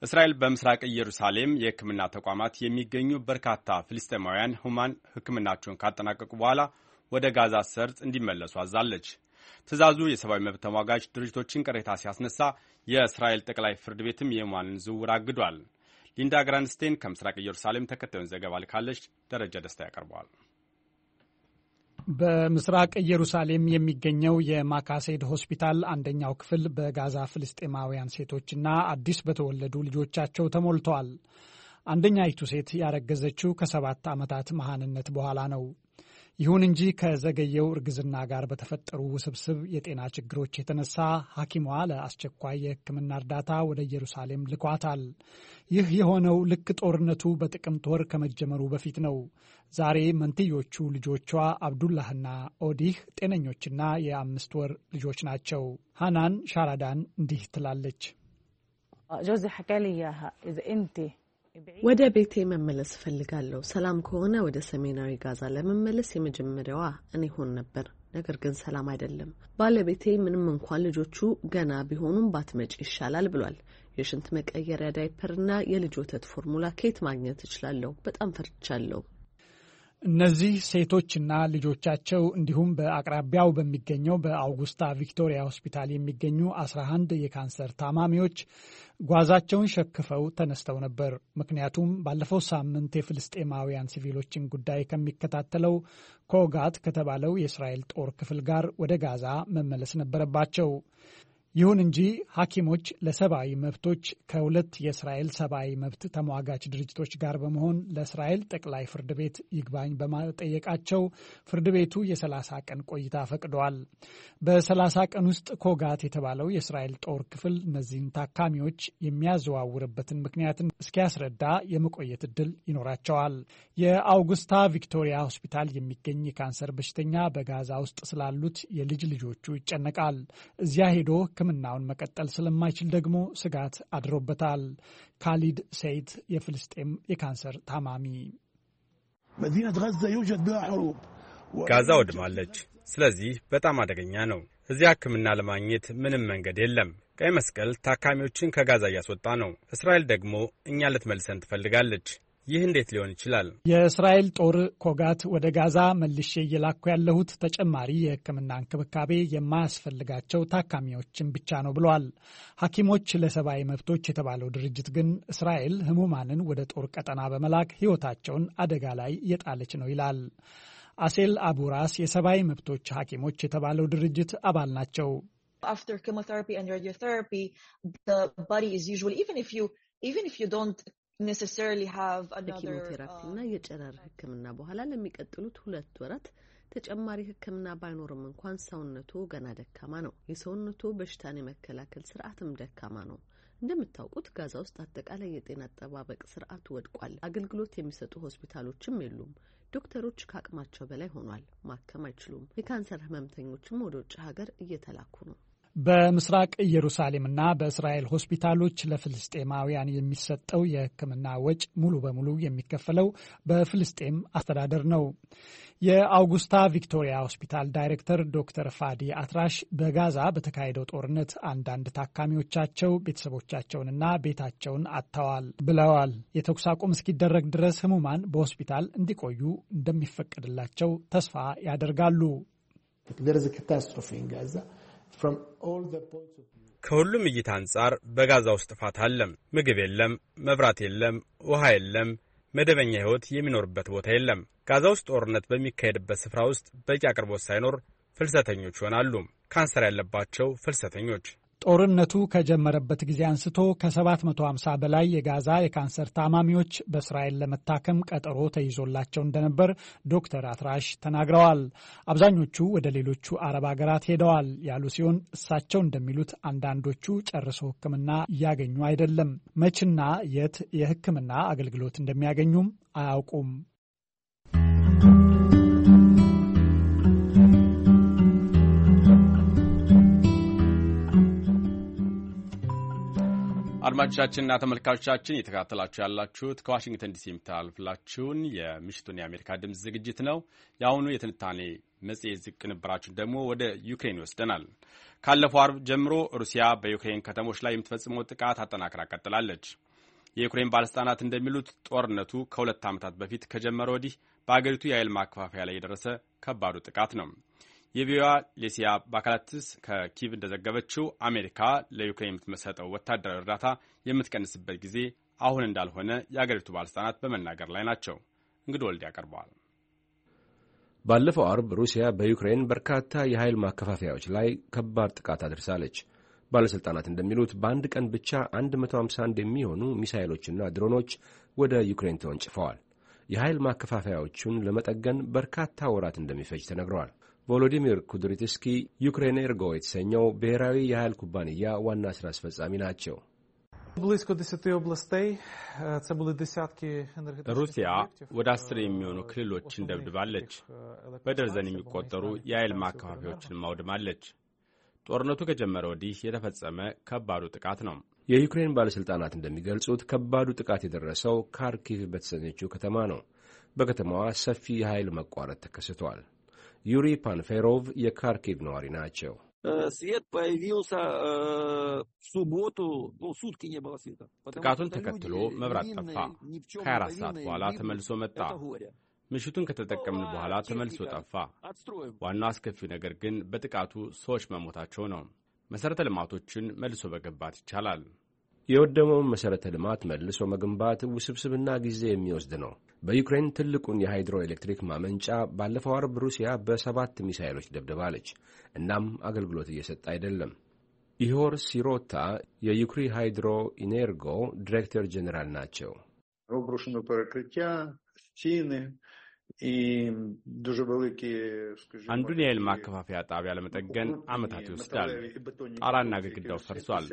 እስራኤል በምስራቅ ኢየሩሳሌም የሕክምና ተቋማት የሚገኙ በርካታ ፍልስጤማውያን ሁማን ሕክምናቸውን ካጠናቀቁ በኋላ ወደ ጋዛ ሰርጥ እንዲመለሱ አዛለች። ትዕዛዙ የሰብአዊ መብት ተሟጋጅ ድርጅቶችን ቅሬታ ሲያስነሳ የእስራኤል ጠቅላይ ፍርድ ቤትም የሁማንን ዝውውር አግዷል። ሊንዳ ግራንስቴን ከምስራቅ ኢየሩሳሌም ተከታዩን ዘገባ ልካለች። ደረጃ ደስታ ያቀርበዋል። በምስራቅ ኢየሩሳሌም የሚገኘው የማካሴድ ሆስፒታል አንደኛው ክፍል በጋዛ ፍልስጤማውያን ሴቶችና አዲስ በተወለዱ ልጆቻቸው ተሞልተዋል። አንደኛይቱ ሴት ያረገዘችው ከሰባት ዓመታት መሐንነት በኋላ ነው። ይሁን እንጂ ከዘገየው እርግዝና ጋር በተፈጠሩ ውስብስብ የጤና ችግሮች የተነሳ ሐኪሟ ለአስቸኳይ የሕክምና እርዳታ ወደ ኢየሩሳሌም ልኳታል። ይህ የሆነው ልክ ጦርነቱ በጥቅምት ወር ከመጀመሩ በፊት ነው። ዛሬ መንትዮቹ ልጆቿ አብዱላህና ኦዲህ ጤነኞችና የአምስት ወር ልጆች ናቸው። ሃናን ሻራዳን እንዲህ ትላለች። ጆዚ ወደ ቤቴ መመለስ እፈልጋለሁ። ሰላም ከሆነ ወደ ሰሜናዊ ጋዛ ለመመለስ የመጀመሪያዋ እኔ ሆን ነበር። ነገር ግን ሰላም አይደለም። ባለቤቴ ምንም እንኳን ልጆቹ ገና ቢሆኑም ባትመጪ ይሻላል ብሏል። የሽንት መቀየሪያ ዳይፐርና የልጅ ወተት ፎርሙላ ኬት ማግኘት እችላለሁ? በጣም ፈርቻለሁ። እነዚህ ሴቶችና ልጆቻቸው እንዲሁም በአቅራቢያው በሚገኘው በአውጉስታ ቪክቶሪያ ሆስፒታል የሚገኙ 11 የካንሰር ታማሚዎች ጓዛቸውን ሸክፈው ተነስተው ነበር። ምክንያቱም ባለፈው ሳምንት የፍልስጤማውያን ሲቪሎችን ጉዳይ ከሚከታተለው ኮጋት ከተባለው የእስራኤል ጦር ክፍል ጋር ወደ ጋዛ መመለስ ነበረባቸው። ይሁን እንጂ ሐኪሞች ለሰብአዊ መብቶች ከሁለት የእስራኤል ሰብአዊ መብት ተሟጋች ድርጅቶች ጋር በመሆን ለእስራኤል ጠቅላይ ፍርድ ቤት ይግባኝ በማጠየቃቸው ፍርድ ቤቱ የ30 ቀን ቆይታ ፈቅደዋል። በ30 ቀን ውስጥ ኮጋት የተባለው የእስራኤል ጦር ክፍል እነዚህን ታካሚዎች የሚያዘዋውርበትን ምክንያትን እስኪያስረዳ የመቆየት እድል ይኖራቸዋል። የአውጉስታ ቪክቶሪያ ሆስፒታል የሚገኝ የካንሰር በሽተኛ በጋዛ ውስጥ ስላሉት የልጅ ልጆቹ ይጨነቃል። እዚያ ሄዶ ሕክምናውን መቀጠል ስለማይችል ደግሞ ስጋት አድሮበታል። ካሊድ ሰይድ የፍልስጤም የካንሰር ታማሚ፣ ጋዛ ወድማለች። ስለዚህ በጣም አደገኛ ነው። እዚያ ሕክምና ለማግኘት ምንም መንገድ የለም። ቀይ መስቀል ታካሚዎችን ከጋዛ እያስወጣ ነው። እስራኤል ደግሞ እኛ ልትመልሰን ትፈልጋለች። ይህ እንዴት ሊሆን ይችላል? የእስራኤል ጦር ኮጋት ወደ ጋዛ መልሼ እየላኩ ያለሁት ተጨማሪ የሕክምና እንክብካቤ የማያስፈልጋቸው ታካሚዎችን ብቻ ነው ብለዋል። ሐኪሞች ለሰብአዊ መብቶች የተባለው ድርጅት ግን እስራኤል ህሙማንን ወደ ጦር ቀጠና በመላክ ሕይወታቸውን አደጋ ላይ እየጣለች ነው ይላል። አሴል አቡራስ የሰብአዊ መብቶች ሐኪሞች የተባለው ድርጅት አባል ናቸው። after chemotherapy and radiotherapy, the body is usually, even if you even if you don't ከኪሞቴራፒና um, የጨረር ሕክምና በኋላ ለሚቀጥሉት ሁለት ወራት ተጨማሪ ሕክምና ባይኖርም እንኳን ሰውነቱ ገና ደካማ ነው። የሰውነቱ በሽታን የመከላከል ስርዓትም ደካማ ነው። እንደምታውቁት ጋዛ ውስጥ አጠቃላይ የጤና አጠባበቅ ስርዓቱ ወድቋል። አገልግሎት የሚሰጡ ሆስፒታሎችም የሉም። ዶክተሮች ከአቅማቸው በላይ ሆኗል። ማከም አይችሉም። የካንሰር ህመምተኞችም ወደ ውጭ ሀገር እየተላኩ ነው። በምስራቅ ኢየሩሳሌምና በእስራኤል ሆስፒታሎች ለፍልስጤማውያን የሚሰጠው የሕክምና ወጪ ሙሉ በሙሉ የሚከፈለው በፍልስጤም አስተዳደር ነው። የአውጉስታ ቪክቶሪያ ሆስፒታል ዳይሬክተር ዶክተር ፋዲ አትራሽ በጋዛ በተካሄደው ጦርነት አንዳንድ ታካሚዎቻቸው ቤተሰቦቻቸውንና ቤታቸውን አጥተዋል ብለዋል። የተኩስ አቁም እስኪደረግ ድረስ ህሙማን በሆስፒታል እንዲቆዩ እንደሚፈቀድላቸው ተስፋ ያደርጋሉ። ከሁሉም እይታ አንጻር በጋዛ ውስጥ ጥፋት አለም። ምግብ የለም፣ መብራት የለም፣ ውሃ የለም፣ መደበኛ ሕይወት የሚኖርበት ቦታ የለም። ጋዛ ውስጥ ጦርነት በሚካሄድበት ስፍራ ውስጥ በቂ አቅርቦት ሳይኖር ፍልሰተኞች ይሆናሉ። ካንሰር ያለባቸው ፍልሰተኞች ጦርነቱ ከጀመረበት ጊዜ አንስቶ ከ750 በላይ የጋዛ የካንሰር ታማሚዎች በእስራኤል ለመታከም ቀጠሮ ተይዞላቸው እንደነበር ዶክተር አትራሽ ተናግረዋል። አብዛኞቹ ወደ ሌሎቹ አረብ ሀገራት ሄደዋል ያሉ ሲሆን እሳቸው እንደሚሉት አንዳንዶቹ ጨርሶ ሕክምና እያገኙ አይደለም። መችና የት የሕክምና አገልግሎት እንደሚያገኙም አያውቁም። አድማጮቻችንና ተመልካቾቻችን እየተከታተላችሁ ያላችሁት ከዋሽንግተን ዲሲ የሚተላለፍላችሁን የምሽቱን የአሜሪካ ድምፅ ዝግጅት ነው። የአሁኑ የትንታኔ መጽሔት ቅንብራችን ደግሞ ወደ ዩክሬን ይወስደናል። ካለፈው አርብ ጀምሮ ሩሲያ በዩክሬን ከተሞች ላይ የምትፈጽመው ጥቃት አጠናክራ ቀጥላለች። የዩክሬን ባለስልጣናት እንደሚሉት ጦርነቱ ከሁለት ዓመታት በፊት ከጀመረ ወዲህ በአገሪቱ የኃይል ማከፋፈያ ላይ የደረሰ ከባዱ ጥቃት ነው። የቪዋ ሌሲያ ባካላትስ ከኪቭ እንደዘገበችው አሜሪካ ለዩክሬን የምትመሰጠው ወታደራዊ እርዳታ የምትቀንስበት ጊዜ አሁን እንዳልሆነ የአገሪቱ ባለሥልጣናት በመናገር ላይ ናቸው። እንግዲህ ወልድ ያቀርበዋል። ባለፈው አርብ ሩሲያ በዩክሬን በርካታ የኃይል ማከፋፈያዎች ላይ ከባድ ጥቃት አድርሳለች። ባለሥልጣናት እንደሚሉት በአንድ ቀን ብቻ 151 የሚሆኑ ሚሳይሎችና ድሮኖች ወደ ዩክሬን ተወንጭፈዋል። የኃይል ማከፋፈያዎቹን ለመጠገን በርካታ ወራት እንደሚፈጅ ተነግረዋል። ቮሎዲሚር ኩድሪትስኪ ዩክሬን ኤርጎ የተሰኘው ብሔራዊ የኃይል ኩባንያ ዋና ስራ አስፈጻሚ ናቸው። ሩሲያ ወደ አስር የሚሆኑ ክልሎችን ደብድባለች። በደርዘን የሚቆጠሩ የኃይል ማከፋፊያዎችን ማውድማለች። ጦርነቱ ከጀመረ ወዲህ የተፈጸመ ከባዱ ጥቃት ነው። የዩክሬን ባለሥልጣናት እንደሚገልጹት ከባዱ ጥቃት የደረሰው ካርኪቭ በተሰኘችው ከተማ ነው። በከተማዋ ሰፊ የኃይል መቋረጥ ተከስቷል። ዩሪ ፓንፌሮቭ የካርኪቭ ነዋሪ ናቸው። э, ጥቃቱን ተከትሎ መብራት ጠፋ። ከ24 ሰዓት በኋላ ተመልሶ መጣ። ምሽቱን ከተጠቀምን በኋላ ተመልሶ ጠፋ። ዋናው አስከፊው ነገር ግን በጥቃቱ ሰዎች መሞታቸው ነው። መሠረተ ልማቶችን መልሶ መገንባት ይቻላል። የወደመውን መሠረተ ልማት መልሶ መገንባት ውስብስብና ጊዜ የሚወስድ ነው። በዩክሬን ትልቁን የሃይድሮ ኤሌክትሪክ ማመንጫ ባለፈው አርብ ሩሲያ በሰባት ሚሳይሎች ደብድባለች። እናም አገልግሎት እየሰጠ አይደለም። ኢሆር ሲሮታ የዩክሪ ሃይድሮ ኢኔርጎ ዲሬክተር ጄኔራል ናቸው። አንዱን የኃይል ማከፋፈያ ጣቢያ ለመጠገን ዓመታት ይወስዳል። ጣራና ግድግዳው ፈርሷል።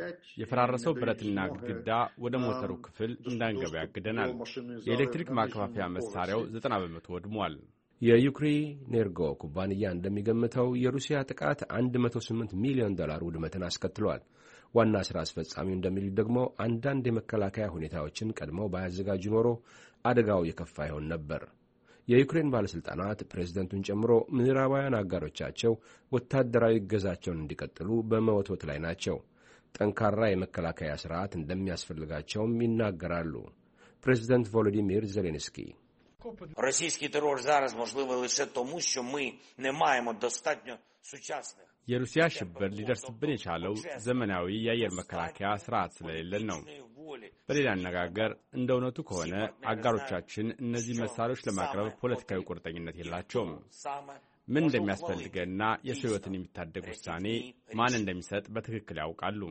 የፈራረሰው ብረትና ግድግዳ ወደ ሞተሩ ክፍል እንዳንገባ ያግደናል። የኤሌክትሪክ ማከፋፈያ መሳሪያው ዘጠና በመቶ ወድሟል። ኔርጎ ኩባንያ እንደሚገምተው የሩሲያ ጥቃት 108 ሚሊዮን ዶላር ውድመትን አስከትሏል። ዋና ሥራ አስፈጻሚው እንደሚሉት ደግሞ አንዳንድ የመከላከያ ሁኔታዎችን ቀድመው ባያዘጋጁ ኖሮ አደጋው የከፋ ይሆን ነበር። የዩክሬን ባለሥልጣናት ፕሬዝደንቱን ጨምሮ ምዕራባውያን አጋሮቻቸው ወታደራዊ እገዛቸውን እንዲቀጥሉ በመወትወት ላይ ናቸው። ጠንካራ የመከላከያ ሥርዓት እንደሚያስፈልጋቸውም ይናገራሉ። ፕሬዝደንት ቮሎዲሚር ዜሌንስኪ የሩሲያ ሽብር ሊደርስብን የቻለው ዘመናዊ የአየር መከላከያ ስርዓት ስለሌለን ነው። በሌላ አነጋገር እንደ እውነቱ ከሆነ አጋሮቻችን እነዚህ መሳሪያዎች ለማቅረብ ፖለቲካዊ ቁርጠኝነት የላቸውም። ምን እንደሚያስፈልገና የሰው ሕይወትን የሚታደግ ውሳኔ ማን እንደሚሰጥ በትክክል ያውቃሉ።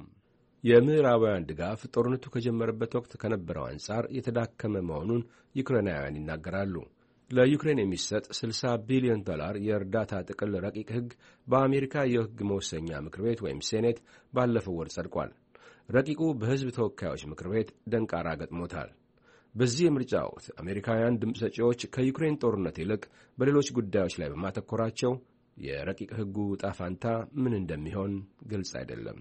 የምዕራባውያን ድጋፍ ጦርነቱ ከጀመረበት ወቅት ከነበረው አንጻር የተዳከመ መሆኑን ዩክሬናውያን ይናገራሉ። ለዩክሬን የሚሰጥ 60 ቢሊዮን ዶላር የእርዳታ ጥቅል ረቂቅ ሕግ በአሜሪካ የሕግ መወሰኛ ምክር ቤት ወይም ሴኔት ባለፈው ወር ጸድቋል። ረቂቁ በሕዝብ ተወካዮች ምክር ቤት ደንቃራ ገጥሞታል። በዚህ የምርጫ ወቅት አሜሪካውያን ድምፅ ሰጪዎች ከዩክሬን ጦርነት ይልቅ በሌሎች ጉዳዮች ላይ በማተኮራቸው የረቂቅ ሕጉ ዕጣ ፈንታ ምን እንደሚሆን ግልጽ አይደለም።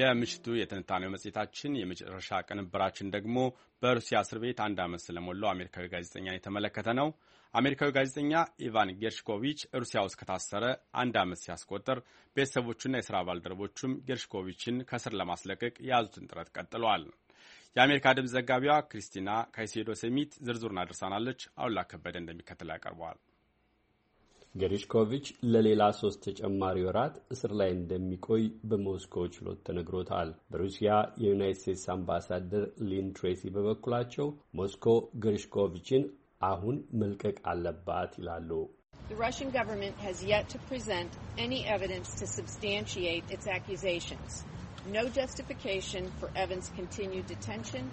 የምሽቱ የትንታኔው መጽሔታችን የመጨረሻ ቅንብራችን ደግሞ በሩሲያ እስር ቤት አንድ ዓመት ስለሞላው አሜሪካዊ ጋዜጠኛን የተመለከተ ነው። አሜሪካዊ ጋዜጠኛ ኢቫን ጌርሽኮቪች ሩሲያ ውስጥ ከታሰረ አንድ ዓመት ሲያስቆጥር ቤተሰቦቹና የሥራ ባልደረቦቹም ጌርሽኮቪችን ከስር ለማስለቀቅ የያዙትን ጥረት ቀጥለዋል። የአሜሪካ ድምፅ ዘጋቢዋ ክሪስቲና ካይሴዶ ሴሚት ዝርዝሩን አድርሳናለች። አሉላ ከበደ እንደሚከተል ያቀርበዋል። ገሪሽኮቪች ለሌላ ሶስት ተጨማሪ ወራት እስር ላይ እንደሚቆይ በሞስኮ ችሎት ተነግሮታል። በሩሲያ የዩናይት ስቴትስ አምባሳደር ሊን ትሬሲ በበኩላቸው ሞስኮ ገሪሽኮቪችን አሁን መልቀቅ አለባት ይላሉ። No justification for Evans' continued detention,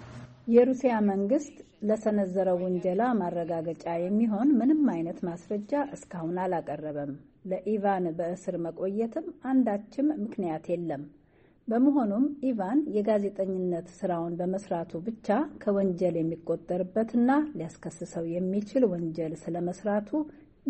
የሩሲያ መንግስት ለሰነዘረው ውንጀላ ማረጋገጫ የሚሆን ምንም አይነት ማስረጃ እስካሁን አላቀረበም። ለኢቫን በእስር መቆየትም አንዳችም ምክንያት የለም። በመሆኑም ኢቫን የጋዜጠኝነት ስራውን በመስራቱ ብቻ ከወንጀል የሚቆጠርበትና ሊያስከስሰው የሚችል ወንጀል ስለመስራቱ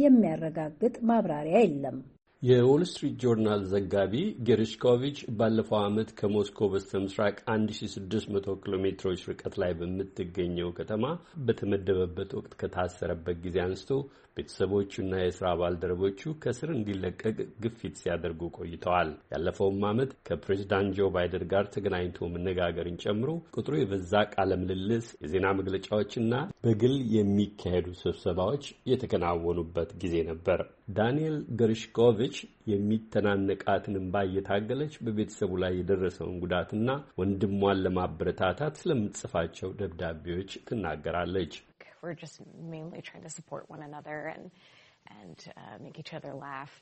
የሚያረጋግጥ ማብራሪያ የለም። የዎል ስትሪት ጆርናል ዘጋቢ ጌርሽኮቪች ባለፈው ዓመት ከሞስኮ በስተ ምስራቅ 1600 ኪሎ ሜትሮች ርቀት ላይ በምትገኘው ከተማ በተመደበበት ወቅት ከታሰረበት ጊዜ አንስቶ ቤተሰቦቹና የስራ ባልደረቦቹ ከስር እንዲለቀቅ ግፊት ሲያደርጉ ቆይተዋል። ያለፈውም ዓመት ከፕሬዚዳንት ጆ ባይደን ጋር ተገናኝቶ መነጋገርን ጨምሮ ቁጥሩ የበዛ ቃለ ምልልስ፣ የዜና መግለጫዎችና በግል የሚካሄዱ ስብሰባዎች የተከናወኑበት ጊዜ ነበር። ዳንኤል ገርሽኮቪች የሚተናነቃትን እንባ እየታገለች በቤተሰቡ ላይ የደረሰውን ጉዳትና ወንድሟን ለማበረታታት ስለምትጽፋቸው ደብዳቤዎች ትናገራለች። we're just mainly trying to support one another and and uh, make each other laugh.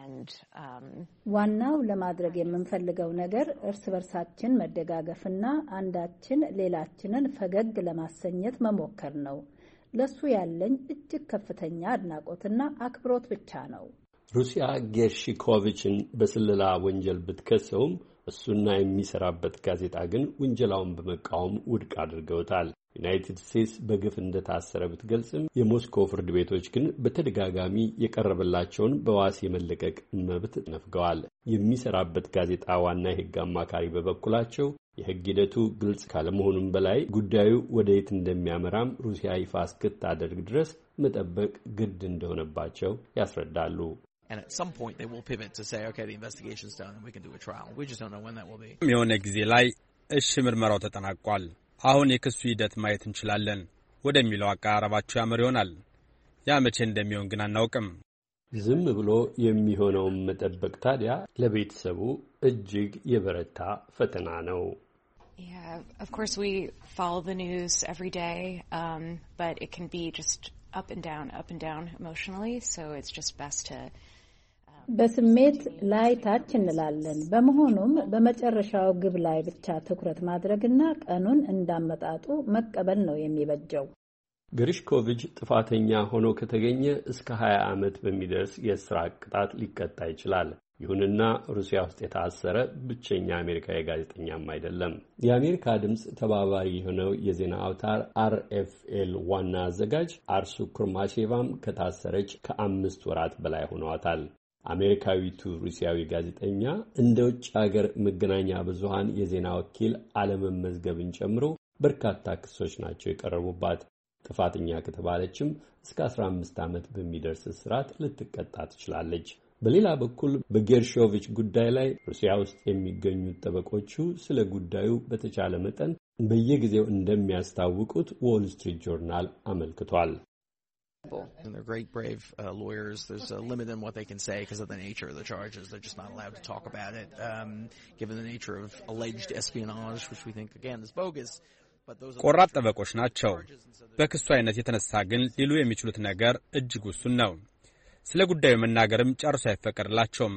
And um, ዋናው ለማድረግ የምንፈልገው ነገር እርስ በርሳችን መደጋገፍና አንዳችን ሌላችንን ፈገግ ለማሰኘት መሞከር ነው። ለሱ ያለኝ እጅግ ከፍተኛ አድናቆትና አክብሮት ብቻ ነው። ሩሲያ ጌርሺኮቪችን በስለላ ወንጀል ብትከሰውም እሱና የሚሰራበት ጋዜጣ ግን ውንጀላውን በመቃወም ውድቅ አድርገውታል። ዩናይትድ ስቴትስ በግፍ እንደታሰረ ብትገልጽም የሞስኮ ፍርድ ቤቶች ግን በተደጋጋሚ የቀረበላቸውን በዋስ የመለቀቅ መብት ነፍገዋል። የሚሰራበት ጋዜጣ ዋና የሕግ አማካሪ በበኩላቸው የሕግ ሂደቱ ግልጽ ካለመሆኑም በላይ ጉዳዩ ወደ የት እንደሚያመራም ሩሲያ ይፋ እስክታደርግ ድረስ መጠበቅ ግድ እንደሆነባቸው ያስረዳሉ። የሆነ ጊዜ ላይ እሺ ምርመራው ተጠናቋል አሁን የክሱ ሂደት ማየት እንችላለን ወደሚለው አቀራረባቸው ያምር ይሆናል። ያ መቼ እንደሚሆን ግን አናውቅም። ዝም ብሎ የሚሆነውን መጠበቅ ታዲያ ለቤተሰቡ እጅግ የበረታ ፈተና ነው። ስ በስሜት ላይ ታች እንላለን። በመሆኑም በመጨረሻው ግብ ላይ ብቻ ትኩረት ማድረግና ቀኑን እንዳመጣጡ መቀበል ነው የሚበጀው። ግሪሽኮቪች ጥፋተኛ ሆኖ ከተገኘ እስከ 20 ዓመት በሚደርስ የስራ ቅጣት ሊቀጣ ይችላል። ይሁንና ሩሲያ ውስጥ የታሰረ ብቸኛ አሜሪካዊ ጋዜጠኛም አይደለም። የአሜሪካ ድምፅ ተባባሪ የሆነው የዜና አውታር አርኤፍኤል ዋና አዘጋጅ አርሱ ኩርማሼቫም ከታሰረች ከአምስት ወራት በላይ ሆነዋታል። አሜሪካዊቱ ሩሲያዊ ጋዜጠኛ እንደ ውጭ ሀገር መገናኛ ብዙሃን የዜና ወኪል አለመመዝገብን ጨምሮ በርካታ ክሶች ናቸው የቀረቡባት። ጥፋተኛ ከተባለችም እስከ 15 ዓመት በሚደርስ እስራት ልትቀጣ ትችላለች። በሌላ በኩል በጌርሾቪች ጉዳይ ላይ ሩሲያ ውስጥ የሚገኙት ጠበቆቹ ስለ ጉዳዩ በተቻለ መጠን በየጊዜው እንደሚያስታውቁት ዎል ስትሪት ጆርናል አመልክቷል። people. And they're great, brave uh, lawyers. There's a limit in what they can say because of the nature of the charges. They're just not allowed to talk about it, um, given the nature of alleged espionage, which we think, again, is bogus. ቆራጥ ጠበቆች ናቸው። በክሱ አይነት የተነሳ ግን ሊሉ የሚችሉት ነገር እጅግ ውሱን ነው። ስለ ጉዳዩ መናገርም ጨርሶ አይፈቀድላቸውም።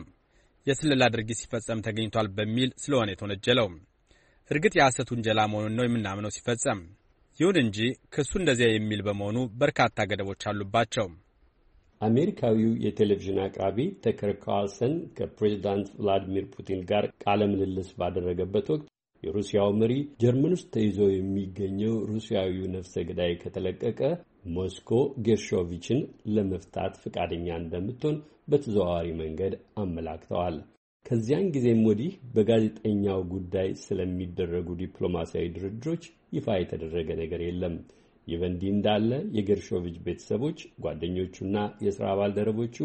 የስለላ ድርጊት ሲፈጸም ተገኝቷል በሚል ስለሆነ የተወነጀለው እርግጥ የሐሰት ውንጀላ መሆኑን ነው የምናምነው ሲፈጸም ይሁን እንጂ ክሱ እንደዚያ የሚል በመሆኑ በርካታ ገደቦች አሉባቸው። አሜሪካዊው የቴሌቪዥን አቅራቢ ተከር ካርልሰን ከፕሬዚዳንት ቭላዲሚር ፑቲን ጋር ቃለ ምልልስ ባደረገበት ወቅት የሩሲያው መሪ ጀርመን ውስጥ ተይዞ የሚገኘው ሩሲያዊው ነፍሰ ገዳይ ከተለቀቀ ሞስኮ ጌርሾቪችን ለመፍታት ፈቃደኛ እንደምትሆን በተዘዋዋሪ መንገድ አመላክተዋል። ከዚያን ጊዜም ወዲህ በጋዜጠኛው ጉዳይ ስለሚደረጉ ዲፕሎማሲያዊ ድርድሮች ይፋ የተደረገ ነገር የለም። ይህ በእንዲህ እንዳለ የጌርሾቪች ቤተሰቦች፣ ጓደኞቹና የሥራ ባልደረቦቹ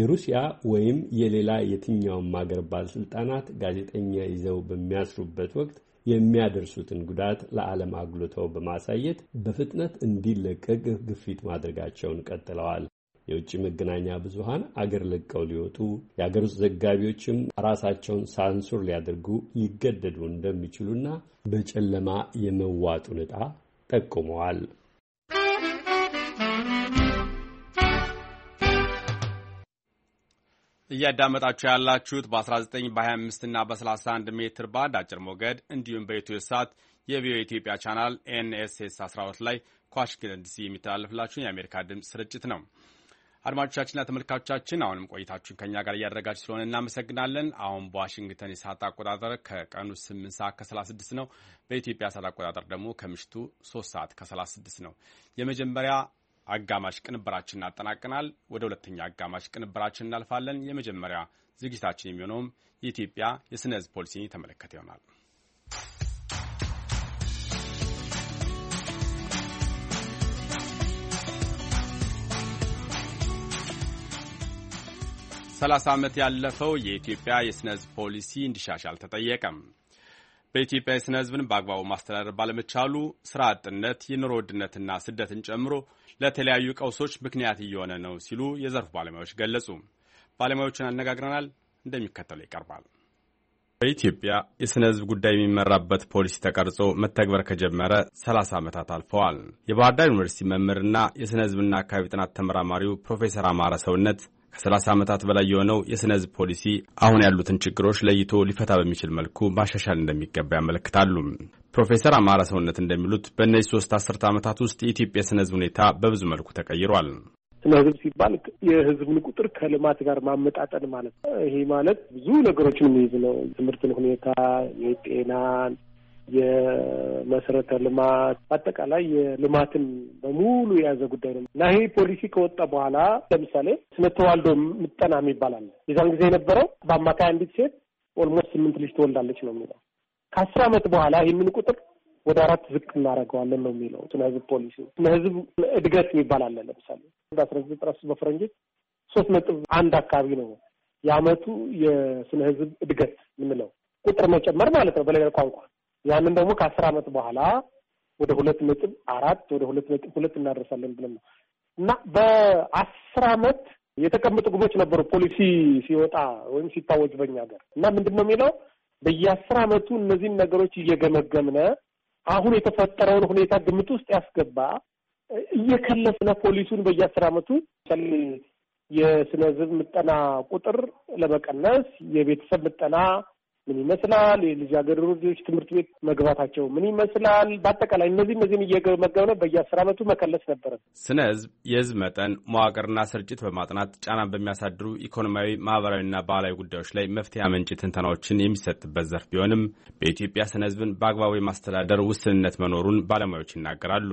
የሩሲያ ወይም የሌላ የትኛውም አገር ባለሥልጣናት ጋዜጠኛ ይዘው በሚያስሩበት ወቅት የሚያደርሱትን ጉዳት ለዓለም አጉልተው በማሳየት በፍጥነት እንዲለቀቅ ግፊት ማድረጋቸውን ቀጥለዋል። የውጭ መገናኛ ብዙሃን አገር ለቀው ሊወጡ የአገር ውስጥ ዘጋቢዎችም ራሳቸውን ሳንሱር ሊያደርጉ ይገደዱ እንደሚችሉና በጨለማ የመዋጡ ንጣ ጠቁመዋል። እያዳመጣችሁ ያላችሁት በ19 በ25 እና በ31 ሜትር ባንድ አጭር ሞገድ እንዲሁም በኢትዮ ሳት የቪኦኤ ኢትዮጵያ ቻናል ኤንኤስኤስ 12 ላይ ከዋሽንግተን ዲሲ የሚተላለፍላችሁን የአሜሪካ ድምፅ ስርጭት ነው። አድማጮቻችንና ተመልካቾቻችን አሁንም ቆይታችሁን ከኛ ጋር እያደረጋችሁ ስለሆነ እናመሰግናለን። አሁን በዋሽንግተን የሰዓት አቆጣጠር ከቀኑ 8 ሰዓት ከ36 ነው። በኢትዮጵያ ሰዓት አቆጣጠር ደግሞ ከምሽቱ 3 ሰዓት ከ36 ነው። የመጀመሪያ አጋማሽ ቅንብራችን አጠናቀናል። ወደ ሁለተኛ አጋማሽ ቅንብራችን እናልፋለን። የመጀመሪያ ዝግጅታችን የሚሆነውም የኢትዮጵያ የስነ ህዝብ ፖሊሲን የተመለከተ ይሆናል። ሰላሳ ዓመት ያለፈው የኢትዮጵያ የስነ ህዝብ ፖሊሲ እንዲሻሻል ተጠየቀም። በኢትዮጵያ የስነ ህዝብን በአግባቡ ማስተዳደር ባለመቻሉ ስራ አጥነት፣ የኑሮ ውድነትና ስደትን ጨምሮ ለተለያዩ ቀውሶች ምክንያት እየሆነ ነው ሲሉ የዘርፉ ባለሙያዎች ገለጹ። ባለሙያዎቹን አነጋግረናል፣ እንደሚከተለው ይቀርባል። በኢትዮጵያ የሥነ ሕዝብ ጉዳይ የሚመራበት ፖሊሲ ተቀርጾ መተግበር ከጀመረ 30 ዓመታት አልፈዋል። የባህር ዳር ዩኒቨርሲቲ መምህርና የሥነ ሕዝብና አካባቢ ጥናት ተመራማሪው ፕሮፌሰር አማረ ሰውነት ከ30 ዓመታት በላይ የሆነው የሥነ ሕዝብ ፖሊሲ አሁን ያሉትን ችግሮች ለይቶ ሊፈታ በሚችል መልኩ ማሻሻል እንደሚገባ ያመለክታሉ። ፕሮፌሰር አማራ ሰውነት እንደሚሉት በእነዚህ ሶስት አስርተ ዓመታት ውስጥ የኢትዮጵያ የሥነ ሕዝብ ሁኔታ በብዙ መልኩ ተቀይሯል። ስነ ህዝብ ሲባል የህዝቡን ቁጥር ከልማት ጋር ማመጣጠን ማለት ነው። ይሄ ማለት ብዙ ነገሮችን የሚይዝ ነው። ትምህርትን ሁኔታ፣ የጤናን፣ የመሰረተ ልማት በአጠቃላይ የልማትን በሙሉ የያዘ ጉዳይ ነው እና ይሄ ፖሊሲ ከወጣ በኋላ ለምሳሌ ስነ ተዋልዶ ምጠና ይባላል። የዛን ጊዜ የነበረው በአማካይ አንዲት ሴት ኦልሞስት ስምንት ልጅ ትወልዳለች ነው የሚለው። ከአስር ዓመት በኋላ ይህንን ቁጥር ወደ አራት ዝቅ እናደርገዋለን ነው የሚለው ስነ ህዝብ ፖሊሲ። ስነ ህዝብ እድገት የሚባል ለምሳሌ በአስራ ዘጠኝ ጥራ በፈረንጆች ሶስት ነጥብ አንድ አካባቢ ነው የአመቱ የስነ ህዝብ እድገት የምንለው ቁጥር መጨመር ማለት ነው በሌላ ቋንቋ ያንን ደግሞ ከአስር ዓመት በኋላ ወደ ሁለት ነጥብ አራት ወደ ሁለት ነጥብ ሁለት እናደርሳለን ብለን ነው እና በአስር ዓመት የተቀመጡ ግቦች ነበሩ ፖሊሲ ሲወጣ ወይም ሲታወጅ በኛ ሀገር እና ምንድን ነው የሚለው በየአስር ዓመቱ እነዚህን ነገሮች እየገመገምነ አሁን የተፈጠረውን ሁኔታ ግምት ውስጥ ያስገባ እየከለስነ ፖሊሱን በየአስር ዓመቱ የስነ ህዝብ ምጠና ቁጥር ለመቀነስ የቤተሰብ ምጠና ምን ይመስላል፣ የልጃገረዶች ትምህርት ቤት መግባታቸው ምን ይመስላል፣ በአጠቃላይ እነዚህ እነዚህም እየመገብነ በየአስር ዓመቱ መከለስ ነበረ። ስነ ህዝብ፣ የህዝብ መጠን፣ መዋቅርና ስርጭት በማጥናት ጫናን በሚያሳድሩ ኢኮኖሚያዊ፣ ማህበራዊና ባህላዊ ጉዳዮች ላይ መፍትሄ አመንጭ ትንተናዎችን የሚሰጥበት ዘርፍ ቢሆንም በኢትዮጵያ ስነ ህዝብን በአግባቡ የማስተዳደር ውስንነት መኖሩን ባለሙያዎች ይናገራሉ።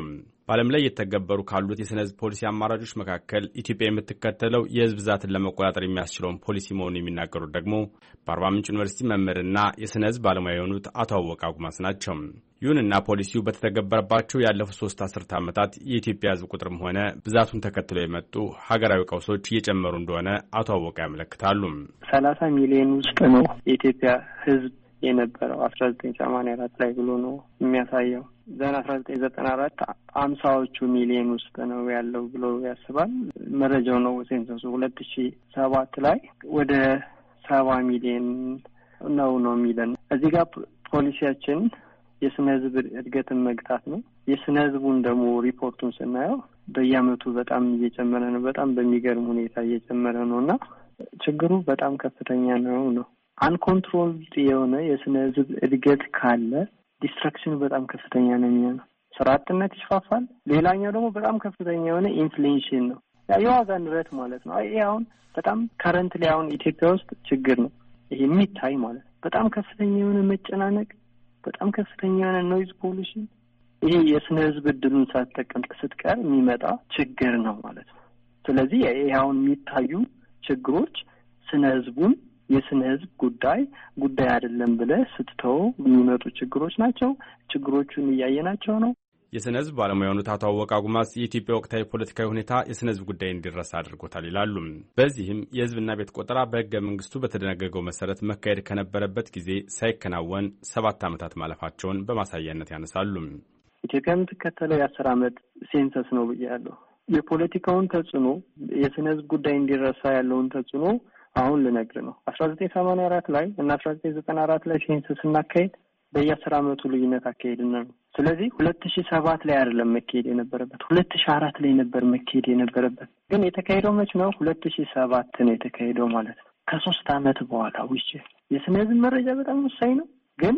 በዓለም ላይ እየተገበሩ ካሉት የስነ ህዝብ ፖሊሲ አማራጮች መካከል ኢትዮጵያ የምትከተለው የህዝብ ብዛትን ለመቆጣጠር የሚያስችለውን ፖሊሲ መሆኑ የሚናገሩት ደግሞ በአርባ ምንጭ ዩኒቨርሲቲ መምህርና የስነ ህዝብ ባለሙያ የሆኑት አቶ አወቀ አጉማስ ናቸው። ይሁንና ፖሊሲው በተተገበረባቸው ያለፉት ሶስት አስርት ዓመታት የኢትዮጵያ ህዝብ ቁጥርም ሆነ ብዛቱን ተከትለው የመጡ ሀገራዊ ቀውሶች እየጨመሩ እንደሆነ አቶ አወቀ ያመለክታሉ። ሰላሳ ሚሊዮን ውስጥ ነው የኢትዮጵያ ህዝብ የነበረው አስራ ዘጠኝ ሰማንያ አራት ላይ ብሎ ነው የሚያሳየው ዘን አስራ ዘጠኝ ዘጠና አራት አምሳዎቹ ሚሊዮን ውስጥ ነው ያለው ብሎ ያስባል። መረጃው ነው ሴንሰሱ ሁለት ሺ ሰባት ላይ ወደ ሰባ ሚሊዮን ነው ነው የሚለን እዚህ ጋር ፖሊሲያችን የስነ ህዝብ እድገትን መግታት ነው። የስነ ህዝቡን ደግሞ ሪፖርቱን ስናየው በየአመቱ በጣም እየጨመረ ነው። በጣም በሚገርም ሁኔታ እየጨመረ ነው እና ችግሩ በጣም ከፍተኛ ነው ነው አንኮንትሮልድ የሆነ የስነ ህዝብ እድገት ካለ ዲስትራክሽኑ በጣም ከፍተኛ ነው የሚሆነው። ስራ አጥነት ይስፋፋል። ሌላኛው ደግሞ በጣም ከፍተኛ የሆነ ኢንፍሌሽን ነው፣ የዋጋ ንረት ማለት ነው። ይሄ አሁን በጣም ከረንት ላይ አሁን ኢትዮጵያ ውስጥ ችግር ነው ይሄ የሚታይ ማለት ነው። በጣም ከፍተኛ የሆነ መጨናነቅ፣ በጣም ከፍተኛ የሆነ ኖይዝ ፖሉሽን፣ ይሄ የስነ ህዝብ እድሉን ሳትጠቀም ስትቀር የሚመጣ ችግር ነው ማለት ነው። ስለዚህ ይሄ አሁን የሚታዩ ችግሮች ስነ ህዝቡን የስነ ህዝብ ጉዳይ ጉዳይ አይደለም ብለ ስትተው የሚመጡ ችግሮች ናቸው። ችግሮቹን እያየናቸው ነው። የስነ ህዝብ ባለሙያ የሆኑት አቶ አወቃ ጉማስ የኢትዮጵያ ወቅታዊ ፖለቲካዊ ሁኔታ የስነ ህዝብ ጉዳይ እንዲረሳ አድርጎታል ይላሉ። በዚህም የህዝብና ቤት ቆጠራ በህገ መንግስቱ በተደነገገው መሰረት መካሄድ ከነበረበት ጊዜ ሳይከናወን ሰባት ዓመታት ማለፋቸውን በማሳያነት ያነሳሉ። ኢትዮጵያ የምትከተለው የአስር ዓመት ሴንሰስ ነው ብያለሁ። የፖለቲካውን ተጽዕኖ የስነ ህዝብ ጉዳይ እንዲረሳ ያለውን ተጽዕኖ አሁን ልነግር ነው። አስራ ዘጠኝ ሰማንያ አራት ላይ እና አስራ ዘጠኝ ዘጠና አራት ላይ ሴንስ ስናካሄድ በየአስር አመቱ ልዩነት አካሄድን ነው። ስለዚህ ሁለት ሺ ሰባት ላይ አይደለም መካሄድ የነበረበት ሁለት ሺ አራት ላይ ነበር መካሄድ የነበረበት። ግን የተካሄደው መች ነው? ሁለት ሺ ሰባት ነው የተካሄደው ማለት ነው። ከሶስት አመት በኋላ ውጭ የስነ ህዝብ መረጃ በጣም ወሳኝ ነው። ግን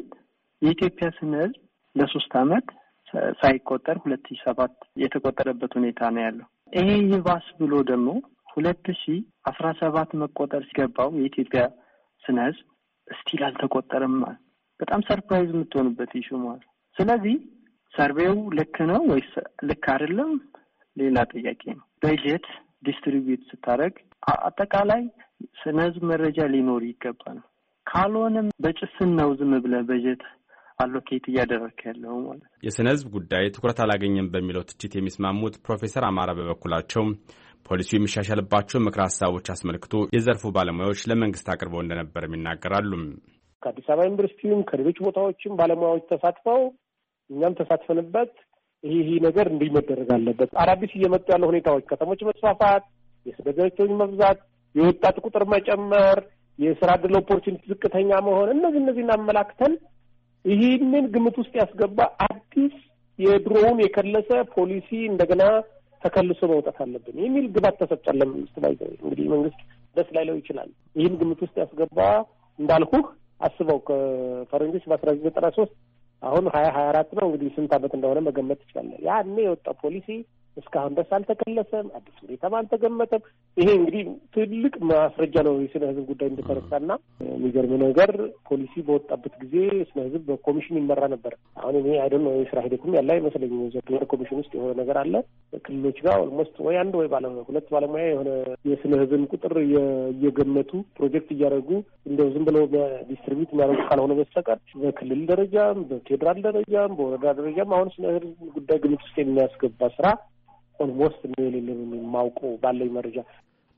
የኢትዮጵያ ስነ ህዝብ ለሶስት አመት ሳይቆጠር ሁለት ሺ ሰባት የተቆጠረበት ሁኔታ ነው ያለው። ይሄ ይባስ ብሎ ደግሞ ሁለት ሺ አስራ ሰባት መቆጠር ሲገባው የኢትዮጵያ ስነ ህዝብ እስቲል አልተቆጠረም። በጣም ሰርፕራይዝ የምትሆንበት ይሹ ማለት ስለዚህ ሰርቬው ልክ ነው ወይስ ልክ አይደለም ሌላ ጥያቄ ነው። በጀት ዲስትሪቢዩት ስታደርግ አጠቃላይ ስነ ህዝብ መረጃ ሊኖር ይገባ ነው። ካልሆነም በጭስን ነው ዝም ብለህ በጀት አሎኬት እያደረክ ያለው ማለት የስነ ህዝብ ጉዳይ ትኩረት አላገኘም በሚለው ትችት የሚስማሙት ፕሮፌሰር አማራ በበኩላቸው ፖሊሲው የሚሻሻልባቸውን ምክር ሀሳቦች አስመልክቶ የዘርፉ ባለሙያዎች ለመንግስት አቅርበው እንደነበርም ይናገራሉ። ከአዲስ አበባ ዩኒቨርሲቲም ከሌሎች ቦታዎችም ባለሙያዎች ተሳትፈው እኛም ተሳትፈንበት ይህ ነገር እንዲህ መደረግ አለበት። አዳዲስ እየመጡ ያለ ሁኔታዎች ከተሞች መስፋፋት፣ የስደተኞች መብዛት፣ የወጣት ቁጥር መጨመር፣ የስራ ዕድል ኦፖርቹኒቲ ዝቅተኛ መሆን እነዚህ እነዚህን አመላክተን ይህንን ግምት ውስጥ ያስገባ አዲስ የድሮውን የከለሰ ፖሊሲ እንደገና ተከልሶ መውጣት አለብን የሚል ግባት ተሰጥቷል ለመንግስት። ላይ እንግዲህ መንግስት ደስ ላይለው ይችላል። ይህን ግምት ውስጥ ያስገባ እንዳልኩህ አስበው ከፈረንጆች በአስራ ዘጠና ሶስት አሁን ሀያ ሀያ አራት ነው እንግዲህ ስንት ዓመት እንደሆነ መገመት ትችላለህ። ያኔ የወጣ ፖሊሲ እስካሁን ድረስ አልተከለሰም። አዲስ ሁኔታም አልተገመተም። ይሄ እንግዲህ ትልቅ ማስረጃ ነው የስነ ህዝብ ጉዳይ እንደተነሳና የሚገርም ነገር ፖሊሲ በወጣበት ጊዜ ስነ ህዝብ በኮሚሽን ይመራ ነበር። አሁን እኔ አይደ ነው የስራ ሂደቱም ያለ አይመስለኝ ዘክለር ኮሚሽን ውስጥ የሆነ ነገር አለ። ክልሎች ጋር ኦልሞስት ወይ አንድ ወይ ባለሙያ ሁለት ባለሙያ የሆነ የስነ ህዝብን ቁጥር እየገመቱ ፕሮጀክት እያደረጉ እንደው ዝም ብለው ዲስትሪቢዩት የሚያደርጉ ካልሆነ በስተቀር በክልል ደረጃም በፌዴራል ደረጃም በወረዳ ደረጃም አሁን ስነ ህዝብ ጉዳይ ግምት ውስጥ የሚያስገባ ስራ ኦልሞስት እኔ የማውቀው ባለኝ መረጃ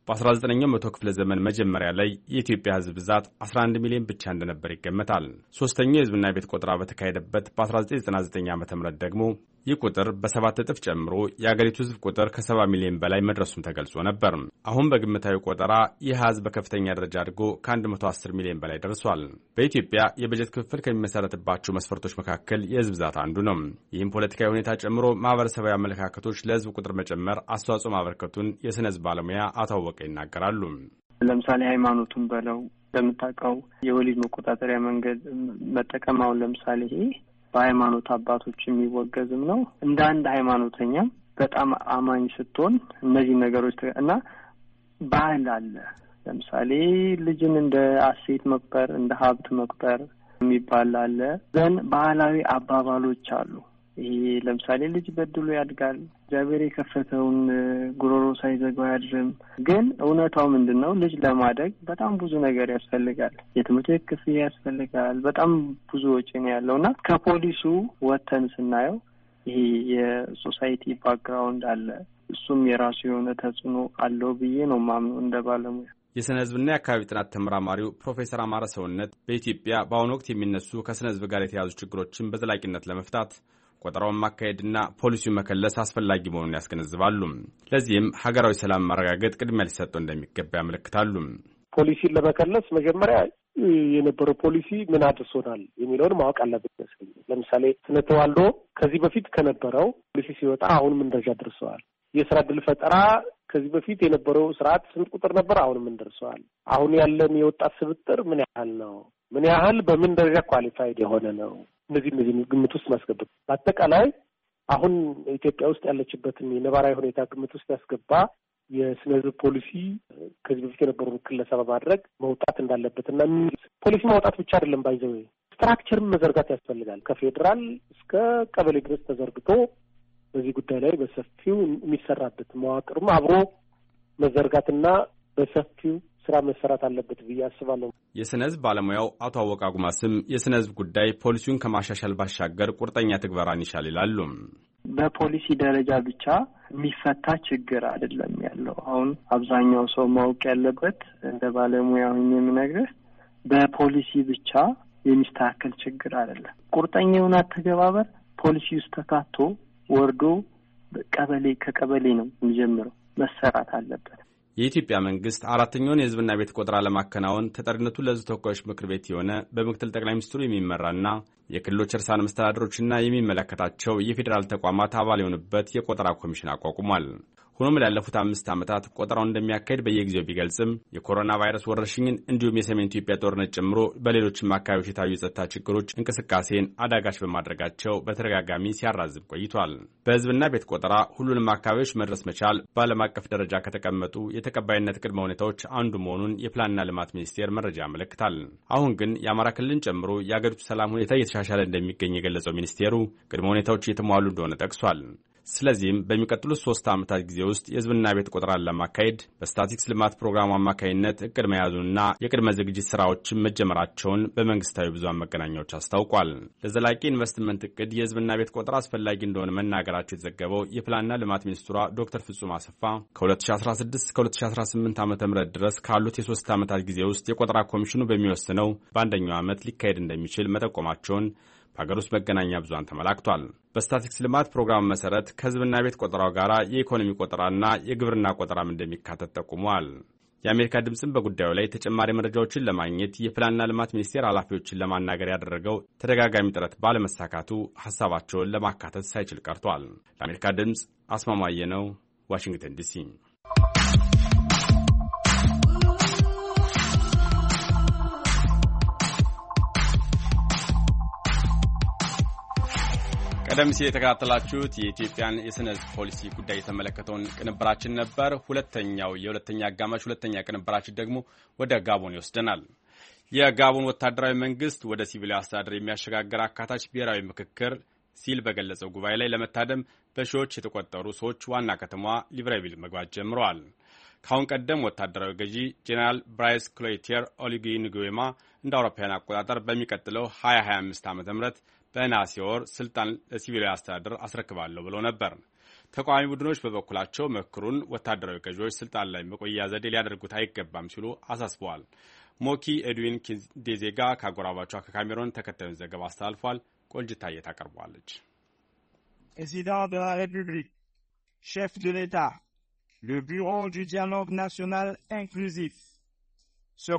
በ19ኛው መቶ ክፍለ ዘመን መጀመሪያ ላይ የኢትዮጵያ ሕዝብ ብዛት 11 ሚሊዮን ብቻ እንደነበር ይገመታል። ሶስተኛው የሕዝብና ቤት ቆጠራ በተካሄደበት በ1999 ዓ ም ደግሞ ይህ ቁጥር በሰባት እጥፍ ጨምሮ የአገሪቱ ህዝብ ቁጥር ከሰባ ሚሊዮን በላይ መድረሱም ተገልጾ ነበር። አሁን በግምታዊ ቆጠራ ይህ ህዝብ በከፍተኛ ደረጃ አድጎ ከ110 ሚሊዮን በላይ ደርሷል። በኢትዮጵያ የበጀት ክፍፍል ከሚመሰረትባቸው መስፈርቶች መካከል የህዝብ ብዛት አንዱ ነው። ይህም ፖለቲካዊ ሁኔታ ጨምሮ ማህበረሰባዊ አመለካከቶች ለህዝብ ቁጥር መጨመር አስተዋጽኦ ማበርከቱን የሥነ ህዝብ ባለሙያ አቶ አወቀ ይናገራሉ። ለምሳሌ ሃይማኖቱን በለው እንደምታውቀው የወሊድ መቆጣጠሪያ መንገድ መጠቀም አሁን ለምሳሌ በሃይማኖት አባቶች የሚወገዝም ነው። እንደ አንድ ሃይማኖተኛም በጣም አማኝ ስትሆን እነዚህ ነገሮች እና ባህል አለ። ለምሳሌ ልጅን እንደ አሴት መቁጠር፣ እንደ ሀብት መቁጠር የሚባል አለ። ዘን ባህላዊ አባባሎች አሉ። ይሄ ለምሳሌ ልጅ በድሎ ያድጋል። እግዚአብሔር የከፈተውን ጉሮሮ ሳይዘጋው አያድርም። ግን እውነታው ምንድን ነው? ልጅ ለማደግ በጣም ብዙ ነገር ያስፈልጋል። የትምህርት ቤት ክፍያ ያስፈልጋል። በጣም ብዙ ወጪ ነው ያለው እና ከፖሊሱ ወተን ስናየው ይሄ የሶሳይቲ ባክግራውንድ አለ። እሱም የራሱ የሆነ ተጽዕኖ አለው ብዬ ነው ማምነው እንደ ባለሙያ። የስነ ህዝብና የአካባቢ ጥናት ተመራማሪው ፕሮፌሰር አማረ ሰውነት በኢትዮጵያ በአሁኑ ወቅት የሚነሱ ከስነ ህዝብ ጋር የተያያዙ ችግሮችን በዘላቂነት ለመፍታት ቆጠራውን ማካሄድና ፖሊሲውን መከለስ አስፈላጊ መሆኑን ያስገነዝባሉ። ለዚህም ሀገራዊ ሰላም ማረጋገጥ ቅድሚያ ሊሰጠው እንደሚገባ ያመለክታሉ። ፖሊሲን ለመከለስ መጀመሪያ የነበረው ፖሊሲ ምን አድርሶናል የሚለውን ማወቅ አለብን ይመስለኛል። ለምሳሌ ስነ ተዋልዶ ከዚህ በፊት ከነበረው ፖሊሲ ሲወጣ አሁን ምን ደረጃ ደርሰዋል? የስራ ዕድል ፈጠራ ከዚህ በፊት የነበረው ስርዓት ስንት ቁጥር ነበር? አሁን ምን ደርሰዋል? አሁን ያለን የወጣት ስብጥር ምን ያህል ነው? ምን ያህል በምን ደረጃ ኳሊፋይድ የሆነ ነው? እነዚህ እነዚህ ግምት ውስጥ ማስገባት በአጠቃላይ አሁን ኢትዮጵያ ውስጥ ያለችበትን የነባራዊ ሁኔታ ግምት ውስጥ ያስገባ የስነ ህዝብ ፖሊሲ ከዚህ በፊት የነበሩ ክለሳ በማድረግ መውጣት እንዳለበት እና ፖሊሲ ማውጣት ብቻ አይደለም ባይዘው ስትራክቸርን መዘርጋት ያስፈልጋል። ከፌዴራል እስከ ቀበሌ ድረስ ተዘርግቶ በዚህ ጉዳይ ላይ በሰፊው የሚሰራበት መዋቅርም አብሮ መዘርጋትና በሰፊው ስራ መሰራት አለበት ብዬ አስባለሁ። የስነ ህዝብ ባለሙያው አቶ አወቃ ጉማ ስም የስነ ህዝብ ጉዳይ ፖሊሲውን ከማሻሻል ባሻገር ቁርጠኛ ትግበራን ይሻል ይላሉ። በፖሊሲ ደረጃ ብቻ የሚፈታ ችግር አይደለም ያለው። አሁን አብዛኛው ሰው ማወቅ ያለበት እንደ ባለሙያ ሁኝ የምነግርህ በፖሊሲ ብቻ የሚስተካከል ችግር አይደለም። ቁርጠኛ የሆነ አተገባበር ፖሊሲ ውስጥ ተካቶ ወርዶ ቀበሌ ከቀበሌ ነው የሚጀምረው መሰራት አለበት። የኢትዮጵያ መንግስት አራተኛውን የህዝብና ቤት ቆጠራ ለማከናወን ተጠሪነቱ ለህዝብ ተወካዮች ምክር ቤት የሆነ በምክትል ጠቅላይ ሚኒስትሩ የሚመራና የክልሎች እርሳን መስተዳድሮችና የሚመለከታቸው የፌዴራል ተቋማት አባል የሆኑበት የቆጠራ ኮሚሽን አቋቁሟል። ሆኖም ላለፉት አምስት ዓመታት ቆጠራውን እንደሚያካሄድ በየጊዜው ቢገልጽም የኮሮና ቫይረስ ወረርሽኝን እንዲሁም የሰሜን ኢትዮጵያ ጦርነት ጨምሮ በሌሎችም አካባቢዎች የታዩ የጸጥታ ችግሮች እንቅስቃሴን አዳጋች በማድረጋቸው በተደጋጋሚ ሲያራዝም ቆይቷል። በህዝብና ቤት ቆጠራ ሁሉንም አካባቢዎች መድረስ መቻል በዓለም አቀፍ ደረጃ ከተቀመጡ የተቀባይነት ቅድመ ሁኔታዎች አንዱ መሆኑን የፕላንና ልማት ሚኒስቴር መረጃ ያመለክታል። አሁን ግን የአማራ ክልልን ጨምሮ የአገሪቱ ሰላም ሁኔታ እየተሻሻለ እንደሚገኝ የገለጸው ሚኒስቴሩ ቅድመ ሁኔታዎች እየተሟሉ እንደሆነ ጠቅሷል። ስለዚህም በሚቀጥሉት ሶስት ዓመታት ጊዜ ውስጥ የህዝብና ቤት ቆጠራን ለማካሄድ በስታቲክስ ልማት ፕሮግራሙ አማካኝነት እቅድ መያዙንና የቅድመ ዝግጅት ስራዎችን መጀመራቸውን በመንግስታዊ ብዙሃን መገናኛዎች አስታውቋል። ለዘላቂ ኢንቨስትመንት እቅድ የህዝብና ቤት ቆጠራ አስፈላጊ እንደሆነ መናገራቸው የተዘገበው የፕላንና ልማት ሚኒስትሯ ዶክተር ፍጹም አሰፋ ከ2016 እስከ 2018 ዓ ም ድረስ ካሉት የሶስት ዓመታት ጊዜ ውስጥ የቆጠራ ኮሚሽኑ በሚወስነው በአንደኛው ዓመት ሊካሄድ እንደሚችል መጠቆማቸውን በሀገር ውስጥ መገናኛ ብዙሃን ተመላክቷል። በስታቲክስ ልማት ፕሮግራም መሰረት ከህዝብና ቤት ቆጠራው ጋር የኢኮኖሚ ቆጠራና የግብርና ቆጠራም እንደሚካተት ጠቁመዋል። የአሜሪካ ድምፅም በጉዳዩ ላይ ተጨማሪ መረጃዎችን ለማግኘት የፕላንና ልማት ሚኒስቴር ኃላፊዎችን ለማናገር ያደረገው ተደጋጋሚ ጥረት ባለመሳካቱ ሀሳባቸውን ለማካተት ሳይችል ቀርቷል። ለአሜሪካ ድምፅ አስማማየ ነው፣ ዋሽንግተን ዲሲ። ቀደም ሲል የተከታተላችሁት የኢትዮጵያን የስነ ህዝብ ፖሊሲ ጉዳይ የተመለከተውን ቅንብራችን ነበር። ሁለተኛው የሁለተኛ አጋማሽ ሁለተኛ ቅንብራችን ደግሞ ወደ ጋቦን ይወስደናል። የጋቦን ወታደራዊ መንግስት ወደ ሲቪል አስተዳደር የሚያሸጋግር አካታች ብሔራዊ ምክክር ሲል በገለጸው ጉባኤ ላይ ለመታደም በሺዎች የተቆጠሩ ሰዎች ዋና ከተማዋ ሊብራቪል መግባት ጀምረዋል። ከአሁን ቀደም ወታደራዊ ገዢ ጄኔራል ብራይስ ክሎይቴር ኦሊጊ ንጉዌማ እንደ አውሮፓውያን አቆጣጠር በሚቀጥለው 2025 ዓ ም በነሐሴ ወር ስልጣን ለሲቪላዊ አስተዳደር አስረክባለሁ ብሎ ነበር። ተቃዋሚ ቡድኖች በበኩላቸው መክሩን ወታደራዊ ገዢዎች ስልጣን ላይ መቆያ ዘዴ ሊያደርጉት አይገባም ሲሉ አሳስበዋል። ሞኪ ኤድዊን ኪንዴዜጋ ከአጎራባቿ ከካሜሮን ተከታዩን ዘገባ አስተላልፏል። ቆንጅታዬ ታቀርበዋለች። ፕሬዚዳንት ደ ላ ሬፑብሊክ ሼፍ ደ ሌታ ለ ቢሮ ዱ ዲያሎግ ናሽናል ኢንክሉዚቭ se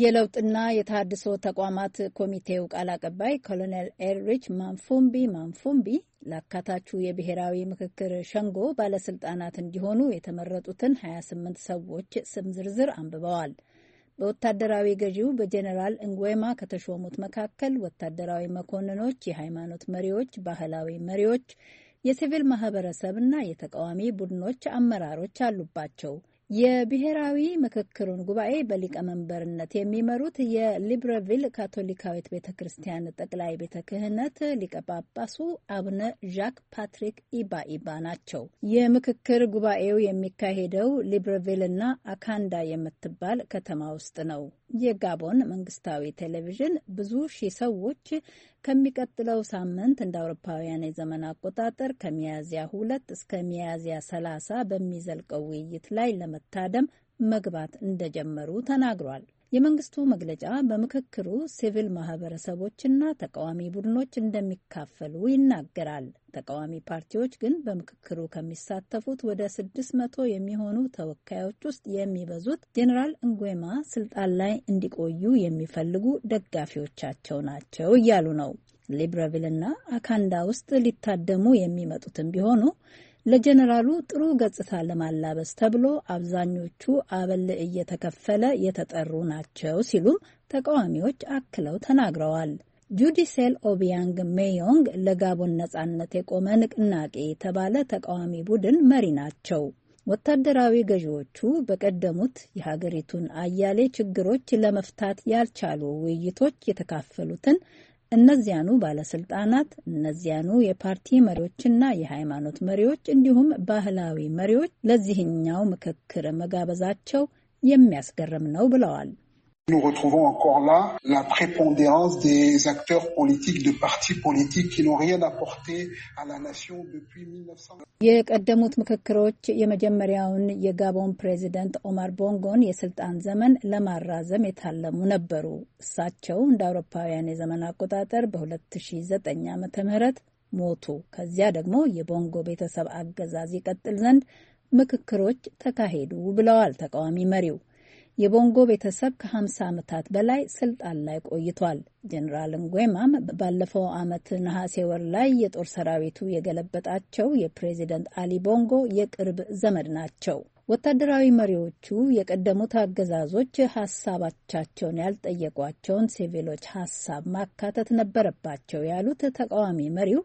የለውጥና የታድሶ ተቋማት ኮሚቴው ቃል አቀባይ ኮሎኔል ኤልሪች ማንፉምቢ ማንፉምቢ ለአካታቹ የብሔራዊ ምክክር ሸንጎ ባለስልጣናት እንዲሆኑ የተመረጡትን 28 ሰዎች ስም ዝርዝር አንብበዋል። በወታደራዊ ገዢው በጀኔራል እንጉዌማ ከተሾሙት መካከል ወታደራዊ መኮንኖች፣ የሃይማኖት መሪዎች፣ ባህላዊ መሪዎች፣ የሲቪል ማህበረሰብና የተቃዋሚ ቡድኖች አመራሮች አሉባቸው። የብሔራዊ ምክክሩን ጉባኤ በሊቀመንበርነት የሚመሩት የሊብረቪል ካቶሊካዊት ቤተ ክርስቲያን ጠቅላይ ቤተ ክህነት ሊቀ ጳጳሱ አቡነ ዣክ ፓትሪክ ኢባኢባ ናቸው። የምክክር ጉባኤው የሚካሄደው ሊብረቪልና አካንዳ የምትባል ከተማ ውስጥ ነው። የጋቦን መንግስታዊ ቴሌቪዥን ብዙ ሺህ ሰዎች ከሚቀጥለው ሳምንት እንደ አውሮፓውያን የዘመን አቆጣጠር ከሚያዝያ ሁለት እስከ ሚያዝያ ሰላሳ በሚዘልቀው ውይይት ላይ ለመታደም መግባት እንደጀመሩ ተናግሯል። የመንግስቱ መግለጫ በምክክሩ ሲቪል ማህበረሰቦችና ተቃዋሚ ቡድኖች እንደሚካፈሉ ይናገራል። ተቃዋሚ ፓርቲዎች ግን በምክክሩ ከሚሳተፉት ወደ ስድስት መቶ የሚሆኑ ተወካዮች ውስጥ የሚበዙት ጄኔራል እንጎማ ስልጣን ላይ እንዲቆዩ የሚፈልጉ ደጋፊዎቻቸው ናቸው እያሉ ነው። ሊብረቪልና አካንዳ ውስጥ ሊታደሙ የሚመጡትም ቢሆኑ ለጀነራሉ ጥሩ ገጽታ ለማላበስ ተብሎ አብዛኞቹ አበል እየተከፈለ የተጠሩ ናቸው ሲሉም ተቃዋሚዎች አክለው ተናግረዋል። ጁዲሴል ኦቢያንግ ሜዮንግ ለጋቦን ነጻነት የቆመ ንቅናቄ የተባለ ተቃዋሚ ቡድን መሪ ናቸው። ወታደራዊ ገዢዎቹ በቀደሙት የሀገሪቱን አያሌ ችግሮች ለመፍታት ያልቻሉ ውይይቶች የተካፈሉትን እነዚያኑ ባለስልጣናት፣ እነዚያኑ የፓርቲ መሪዎችና የሃይማኖት መሪዎች እንዲሁም ባህላዊ መሪዎች ለዚህኛው ምክክር መጋበዛቸው የሚያስገርም ነው ብለዋል። Nous retrouvons encore là la prépondérance des acteurs politiques, de partis politiques qui n'ont rien apporté à la nation depuis 1900 የቀደሙት ምክክሮች የመጀመሪያውን የጋቦን ፕሬዚደንት ኦማር ቦንጎን የስልጣን ዘመን ለማራዘም የታለሙ ነበሩ። እሳቸው እንደ አውሮፓውያን የዘመን አቆጣጠር በ2009 ዓ.ም ሞቱ። ከዚያ ደግሞ የቦንጎ ቤተሰብ አገዛዝ ይቀጥል ዘንድ ምክክሮች ተካሄዱ ብለዋል ተቃዋሚ መሪው የቦንጎ ቤተሰብ ከ50 ዓመታት በላይ ስልጣን ላይ ቆይቷል። ጀኔራል ንጉማም ባለፈው ዓመት ነሐሴ ወር ላይ የጦር ሰራዊቱ የገለበጣቸው የፕሬዚደንት አሊ ቦንጎ የቅርብ ዘመድ ናቸው። ወታደራዊ መሪዎቹ የቀደሙት አገዛዞች ሀሳባቻቸውን ያልጠየቋቸውን ሲቪሎች ሀሳብ ማካተት ነበረባቸው ያሉት ተቃዋሚ መሪው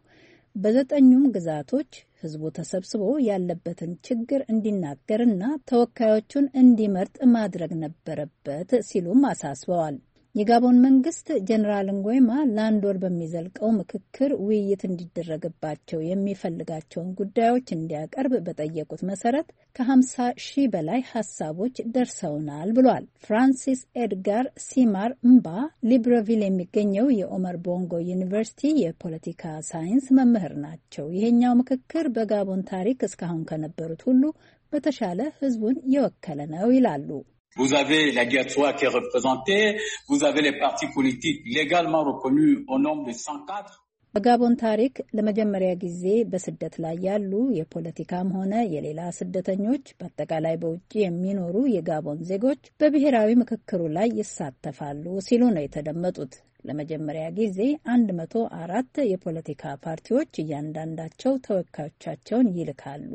በዘጠኙም ግዛቶች ህዝቡ ተሰብስቦ ያለበትን ችግር እንዲናገርና ተወካዮቹን እንዲመርጥ ማድረግ ነበረበት ሲሉም አሳስበዋል። የጋቦን መንግስት ጀኔራል ንጎይማ ለአንድ ወር በሚዘልቀው ምክክር ውይይት እንዲደረግባቸው የሚፈልጋቸውን ጉዳዮች እንዲያቀርብ በጠየቁት መሰረት ከ50 ሺህ በላይ ሀሳቦች ደርሰውናል ብሏል። ፍራንሲስ ኤድጋር ሲማር እምባ ሊብረቪል የሚገኘው የኦመር ቦንጎ ዩኒቨርሲቲ የፖለቲካ ሳይንስ መምህር ናቸው። ይሄኛው ምክክር በጋቦን ታሪክ እስካሁን ከነበሩት ሁሉ በተሻለ ህዝቡን የወከለ ነው ይላሉ። Vous avez la diaspora qui est représentée, vous avez les partis politiques légalement reconnus au nombre de 104. በጋቦን ታሪክ ለመጀመሪያ ጊዜ በስደት ላይ ያሉ የፖለቲካም ሆነ የሌላ ስደተኞች በአጠቃላይ በውጭ የሚኖሩ የጋቦን ዜጎች በብሔራዊ ምክክሩ ላይ ይሳተፋሉ ሲሉ ነው የተደመጡት። ለመጀመሪያ ጊዜ አንድ መቶ አራት የፖለቲካ ፓርቲዎች እያንዳንዳቸው ተወካዮቻቸውን ይልካሉ።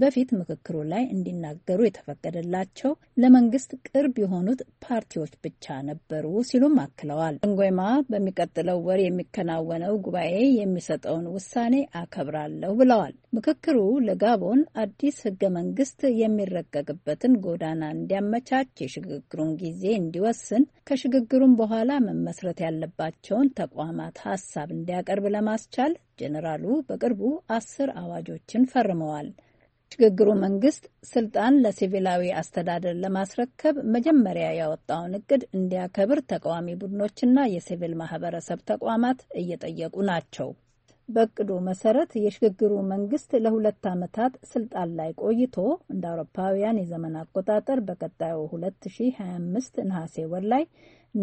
በፊት ምክክሩ ላይ እንዲናገሩ የተፈቀደላቸው ለመንግስት ቅርብ የሆኑት ፓርቲዎች ብቻ ነበሩ ሲሉም አክለዋል። ንጎማ በሚቀጥለው ወር የሚከናወነው ጉባኤ የሚሰጠውን ውሳኔ አከብራለሁ ብለዋል። ምክክሩ ለጋቦን አዲስ ህገ መንግስት የሚረቀቅበትን ጎዳና እንዲያመቻች፣ የሽግግሩን ጊዜ እንዲወስን፣ ከሽግግሩም በኋላ መመስረት ያለባቸውን ተቋማት ሀሳብ እንዲያቀርብ ለማስቻል ጄኔራሉ በቅርቡ አስር አዋጆችን ፈርመዋል። ሽግግሩ መንግስት ስልጣን ለሲቪላዊ አስተዳደር ለማስረከብ መጀመሪያ ያወጣውን እቅድ እንዲያከብር ተቃዋሚ ቡድኖችና የሲቪል ማህበረሰብ ተቋማት እየጠየቁ ናቸው። በእቅዱ መሰረት የሽግግሩ መንግስት ለሁለት ዓመታት ስልጣን ላይ ቆይቶ እንደ አውሮፓውያን የዘመን አቆጣጠር በቀጣዩ 2025 ነሐሴ ወር ላይ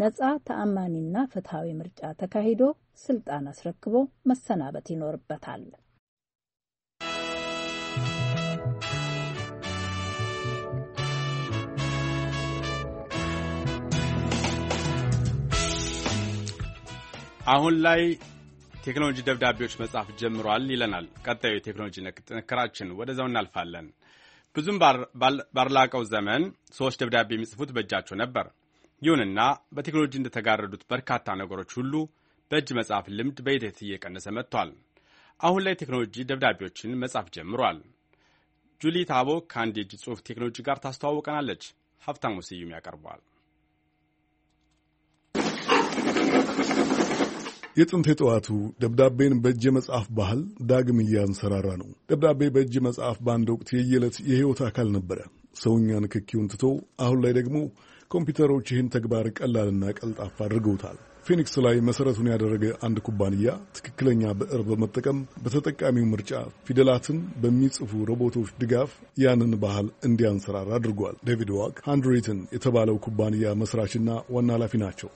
ነጻ ተአማኒና ፍትሐዊ ምርጫ ተካሂዶ ስልጣን አስረክቦ መሰናበት ይኖርበታል። አሁን ላይ ቴክኖሎጂ ደብዳቤዎች መጻፍ ጀምሯል ይለናል ቀጣዩ የቴክኖሎጂ ነክ ጥንክራችን። ወደዛው እናልፋለን። ብዙም ባላቀው ዘመን ሰዎች ደብዳቤ የሚጽፉት በእጃቸው ነበር። ይሁንና በቴክኖሎጂ እንደተጋረዱት በርካታ ነገሮች ሁሉ በእጅ መጻፍ ልምድ በሂደት እየቀነሰ መጥቷል። አሁን ላይ ቴክኖሎጂ ደብዳቤዎችን መጻፍ ጀምሯል። ጁሊ ታቦ ከአንድ የእጅ ጽሑፍ ቴክኖሎጂ ጋር ታስተዋውቀናለች። ሀብታሙ ስዩም ያቀርበዋል። የጥንት የጠዋቱ ደብዳቤን በእጅ መጽሐፍ ባህል ዳግም እያንሰራራ ነው። ደብዳቤ በእጅ መጽሐፍ በአንድ ወቅት የየዕለት የሕይወት አካል ነበረ። ሰውኛ ንክኪውን ትቶ አሁን ላይ ደግሞ ኮምፒውተሮች ይህን ተግባር ቀላልና ቀልጣፋ አድርገውታል። ፊኒክስ ላይ መሠረቱን ያደረገ አንድ ኩባንያ ትክክለኛ ብዕር በመጠቀም በተጠቃሚው ምርጫ ፊደላትን በሚጽፉ ሮቦቶች ድጋፍ ያንን ባህል እንዲያንሰራራ አድርጓል። ዴቪድ ዋክ ሃንድሪትን የተባለው ኩባንያ መስራችና ዋና ኃላፊ ናቸው።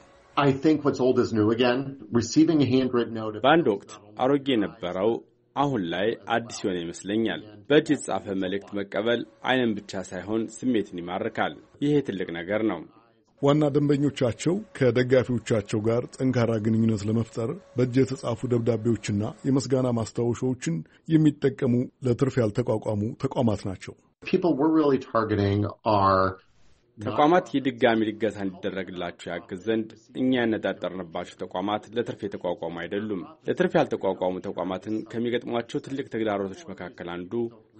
በአንድ ወቅት አሮጌ የነበረው አሁን ላይ አዲስ ይሆነ ይመስለኛል። በእጅ የተጻፈ መልእክት መቀበል አይንን ብቻ ሳይሆን ስሜትን ይማርካል። ይሄ ትልቅ ነገር ነው። ዋና ደንበኞቻቸው ከደጋፊዎቻቸው ጋር ጠንካራ ግንኙነት ለመፍጠር በእጅ የተጻፉ ደብዳቤዎችና የመስጋና ማስታወሻዎችን የሚጠቀሙ ለትርፍ ያልተቋቋሙ ተቋማት ናቸው። ተቋማት የድጋሚ ልገሳ እንዲደረግላቸው ያግዝ ዘንድ እኛ ያነጣጠርንባቸው ተቋማት ለትርፍ የተቋቋሙ አይደሉም። ለትርፍ ያልተቋቋሙ ተቋማትን ከሚገጥሟቸው ትልቅ ተግዳሮቶች መካከል አንዱ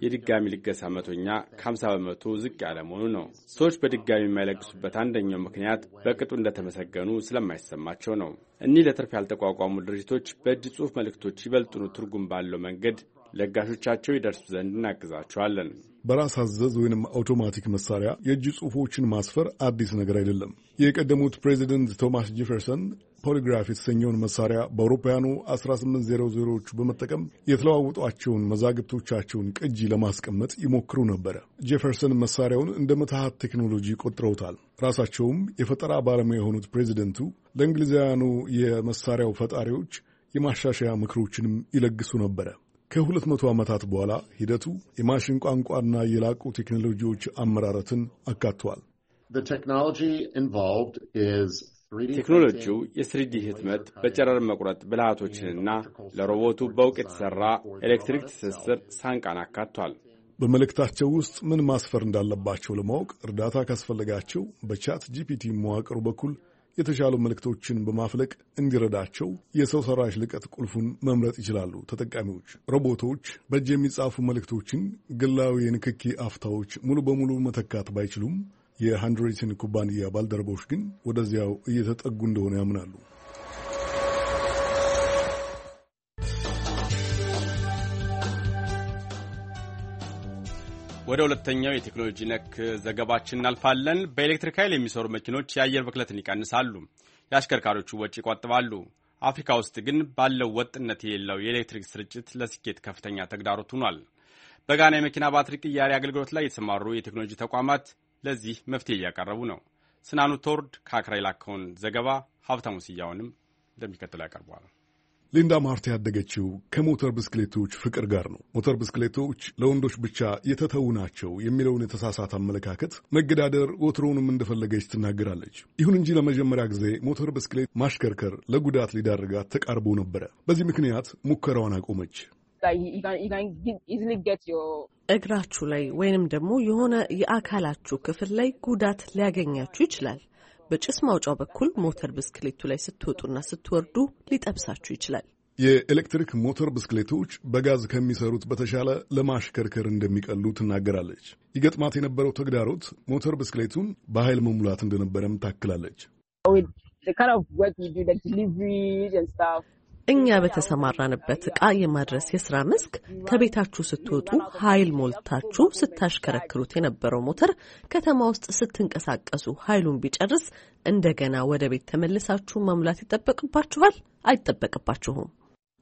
የድጋሚ ልገሳ መቶኛ ከ50 በመቶ ዝቅ ያለ መሆኑ ነው። ሰዎች በድጋሚ የማይለግሱበት አንደኛው ምክንያት በቅጡ እንደተመሰገኑ ስለማይሰማቸው ነው። እኒህ ለትርፍ ያልተቋቋሙ ድርጅቶች በእጅ ጽሑፍ መልእክቶች ይበልጡኑ ትርጉም ባለው መንገድ ለጋሾቻቸው ይደርሱ ዘንድ እናግዛቸዋለን። በራስ አዘዝ ወይም አውቶማቲክ መሳሪያ የእጅ ጽሑፎችን ማስፈር አዲስ ነገር አይደለም። የቀደሙት ፕሬዚደንት ቶማስ ጄፈርሰን ፖሊግራፍ የተሰኘውን መሳሪያ በአውሮፓውያኑ 1800ዎቹ በመጠቀም የተለዋውጧቸውን መዛግብቶቻቸውን ቅጂ ለማስቀመጥ ይሞክሩ ነበረ። ጄፈርሰን መሳሪያውን እንደ ምትሃት ቴክኖሎጂ ቆጥረውታል። ራሳቸውም የፈጠራ ባለሙያ የሆኑት ፕሬዚደንቱ ለእንግሊዛውያኑ የመሳሪያው ፈጣሪዎች የማሻሻያ ምክሮችንም ይለግሱ ነበረ። ከሁለት መቶ ዓመታት በኋላ ሂደቱ የማሽን ቋንቋና የላቁ ቴክኖሎጂዎች አመራረትን አካቷል። ቴክኖሎጂው የስሪዲ ህትመት፣ በጨረር መቁረጥ ብልሃቶችንና ለሮቦቱ በውቅ የተሠራ ኤሌክትሪክ ትስስር ሳንቃን አካቷል። በመልእክታቸው ውስጥ ምን ማስፈር እንዳለባቸው ለማወቅ እርዳታ ካስፈለጋቸው በቻት ጂፒቲ መዋቅሩ በኩል የተሻሉ መልእክቶችን በማፍለቅ እንዲረዳቸው የሰው ሰራሽ ልቀት ቁልፉን መምረጥ ይችላሉ። ተጠቃሚዎች ሮቦቶች በእጅ የሚጻፉ መልእክቶችን ግላዊ የንክኪ አፍታዎች ሙሉ በሙሉ መተካት ባይችሉም የሃንድሬትን ኩባንያ ባልደረቦች ግን ወደዚያው እየተጠጉ እንደሆነ ያምናሉ። ወደ ሁለተኛው የቴክኖሎጂ ነክ ዘገባችን እናልፋለን። በኤሌክትሪክ ኃይል የሚሰሩ መኪኖች የአየር ብክለትን ይቀንሳሉ፣ የአሽከርካሪዎቹ ወጪ ይቆጥባሉ። አፍሪካ ውስጥ ግን ባለው ወጥነት የሌለው የኤሌክትሪክ ስርጭት ለስኬት ከፍተኛ ተግዳሮት ሆኗል። በጋና የመኪና ባትሪ ቅያሪ አገልግሎት ላይ የተሰማሩ የቴክኖሎጂ ተቋማት ለዚህ መፍትሄ እያቀረቡ ነው። ስናኑ ቶርድ ከአክራ የላከውን ዘገባ ሀብታሙ ስያውንም እንደሚከተለው ያቀርበዋል። ሊንዳ ማርት ያደገችው ከሞተር ብስክሌቶች ፍቅር ጋር ነው። ሞተር ብስክሌቶች ለወንዶች ብቻ የተተዉ ናቸው የሚለውን የተሳሳት አመለካከት መገዳደር ወትሮውንም እንደፈለገች ትናገራለች። ይሁን እንጂ ለመጀመሪያ ጊዜ ሞተር ብስክሌት ማሽከርከር ለጉዳት ሊዳርጋት ተቃርቦ ነበረ። በዚህ ምክንያት ሙከራዋን አቆመች። እግራችሁ ላይ ወይንም ደግሞ የሆነ የአካላችሁ ክፍል ላይ ጉዳት ሊያገኛችሁ ይችላል። በጭስ ማውጫው በኩል ሞተር ብስክሌቱ ላይ ስትወጡና ስትወርዱ ሊጠብሳችሁ ይችላል። የኤሌክትሪክ ሞተር ብስክሌቶች በጋዝ ከሚሰሩት በተሻለ ለማሽከርከር እንደሚቀሉ ትናገራለች። ይገጥማት የነበረው ተግዳሮት ሞተር ብስክሌቱን በኃይል መሙላት እንደነበረም ታክላለች። እኛ በተሰማራንበት ዕቃ የማድረስ የስራ መስክ ከቤታችሁ ስትወጡ ኃይል ሞልታችሁ ስታሽከረክሩት የነበረው ሞተር ከተማ ውስጥ ስትንቀሳቀሱ ኃይሉን ቢጨርስ እንደገና ወደ ቤት ተመልሳችሁ መሙላት ይጠበቅባችኋል? አይጠበቅባችሁም።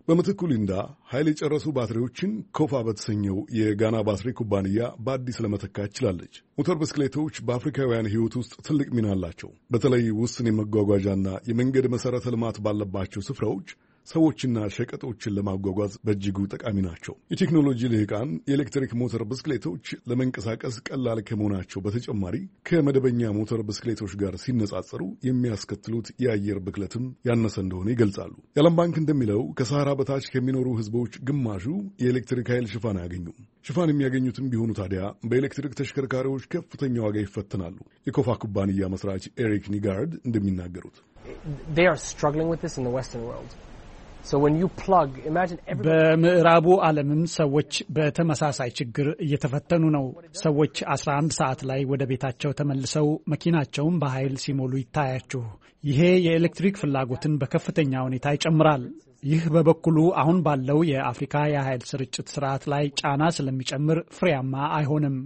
በምትኩ ሊንዳ ኃይል የጨረሱ ባትሪዎችን ኮፋ በተሰኘው የጋና ባትሪ ኩባንያ በአዲስ ለመተካት ችላለች። ሞተር ብስክሌቶች በአፍሪካውያን ሕይወት ውስጥ ትልቅ ሚና አላቸው። በተለይ ውስን የመጓጓዣና የመንገድ መሠረተ ልማት ባለባቸው ስፍራዎች ሰዎችና ሸቀጦችን ለማጓጓዝ በእጅጉ ጠቃሚ ናቸው። የቴክኖሎጂ ልህቃን የኤሌክትሪክ ሞተር ብስክሌቶች ለመንቀሳቀስ ቀላል ከመሆናቸው በተጨማሪ ከመደበኛ ሞተር ብስክሌቶች ጋር ሲነጻጸሩ የሚያስከትሉት የአየር ብክለትም ያነሰ እንደሆነ ይገልጻሉ። የዓለም ባንክ እንደሚለው ከሰሃራ በታች ከሚኖሩ ህዝቦች ግማሹ የኤሌክትሪክ ኃይል ሽፋን አያገኙም። ሽፋን የሚያገኙትም ቢሆኑ ታዲያ በኤሌክትሪክ ተሽከርካሪዎች ከፍተኛ ዋጋ ይፈትናሉ። የኮፋ ኩባንያ መስራች ኤሪክ ኒጋርድ እንደሚናገሩት በምዕራቡ ዓለምም ሰዎች በተመሳሳይ ችግር እየተፈተኑ ነው። ሰዎች 11 ሰዓት ላይ ወደ ቤታቸው ተመልሰው መኪናቸውን በኃይል ሲሞሉ ይታያችሁ። ይሄ የኤሌክትሪክ ፍላጎትን በከፍተኛ ሁኔታ ይጨምራል። ይህ በበኩሉ አሁን ባለው የአፍሪካ የኃይል ስርጭት ስርዓት ላይ ጫና ስለሚጨምር ፍሬያማ አይሆንም።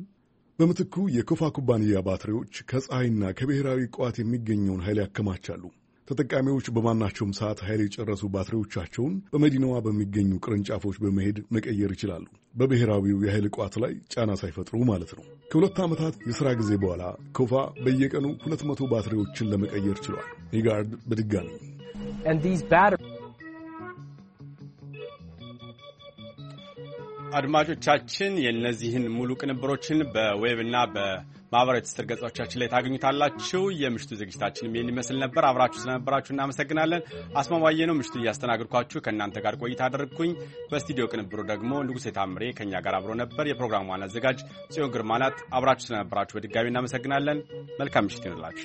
በምትኩ የኮፋ ኩባንያ ባትሪዎች ከፀሐይና ከብሔራዊ ቋት የሚገኘውን ኃይል ያከማቻሉ። ተጠቃሚዎች በማናቸውም ሰዓት ኃይል የጨረሱ ባትሪዎቻቸውን በመዲናዋ በሚገኙ ቅርንጫፎች በመሄድ መቀየር ይችላሉ። በብሔራዊው የኃይል ቋት ላይ ጫና ሳይፈጥሩ ማለት ነው። ከሁለት ዓመታት የሥራ ጊዜ በኋላ ኮፋ በየቀኑ 200 ባትሪዎችን ለመቀየር ችሏል። ኒጋርድ በድጋሚ አድማጮቻችን የእነዚህን ሙሉ ቅንብሮችን በዌብና በ ማህበራዊ ትስስር ገጾቻችን ላይ ታገኙታላችሁ። የምሽቱ ዝግጅታችን ይህን ይመስል ነበር። አብራችሁ ስለነበራችሁ እናመሰግናለን። አስማማየ ነው ምሽቱ እያስተናግድኳችሁ ከእናንተ ጋር ቆይታ አደረግኩኝ። በስቱዲዮ ቅንብሩ ደግሞ ንጉሴ ታምሬ ከእኛ ጋር አብሮ ነበር። የፕሮግራሙ ዋና አዘጋጅ ጽዮን ግርማ ናት። አብራችሁ ስለነበራችሁ በድጋሚ እናመሰግናለን። መልካም ምሽት ይሆንላችሁ።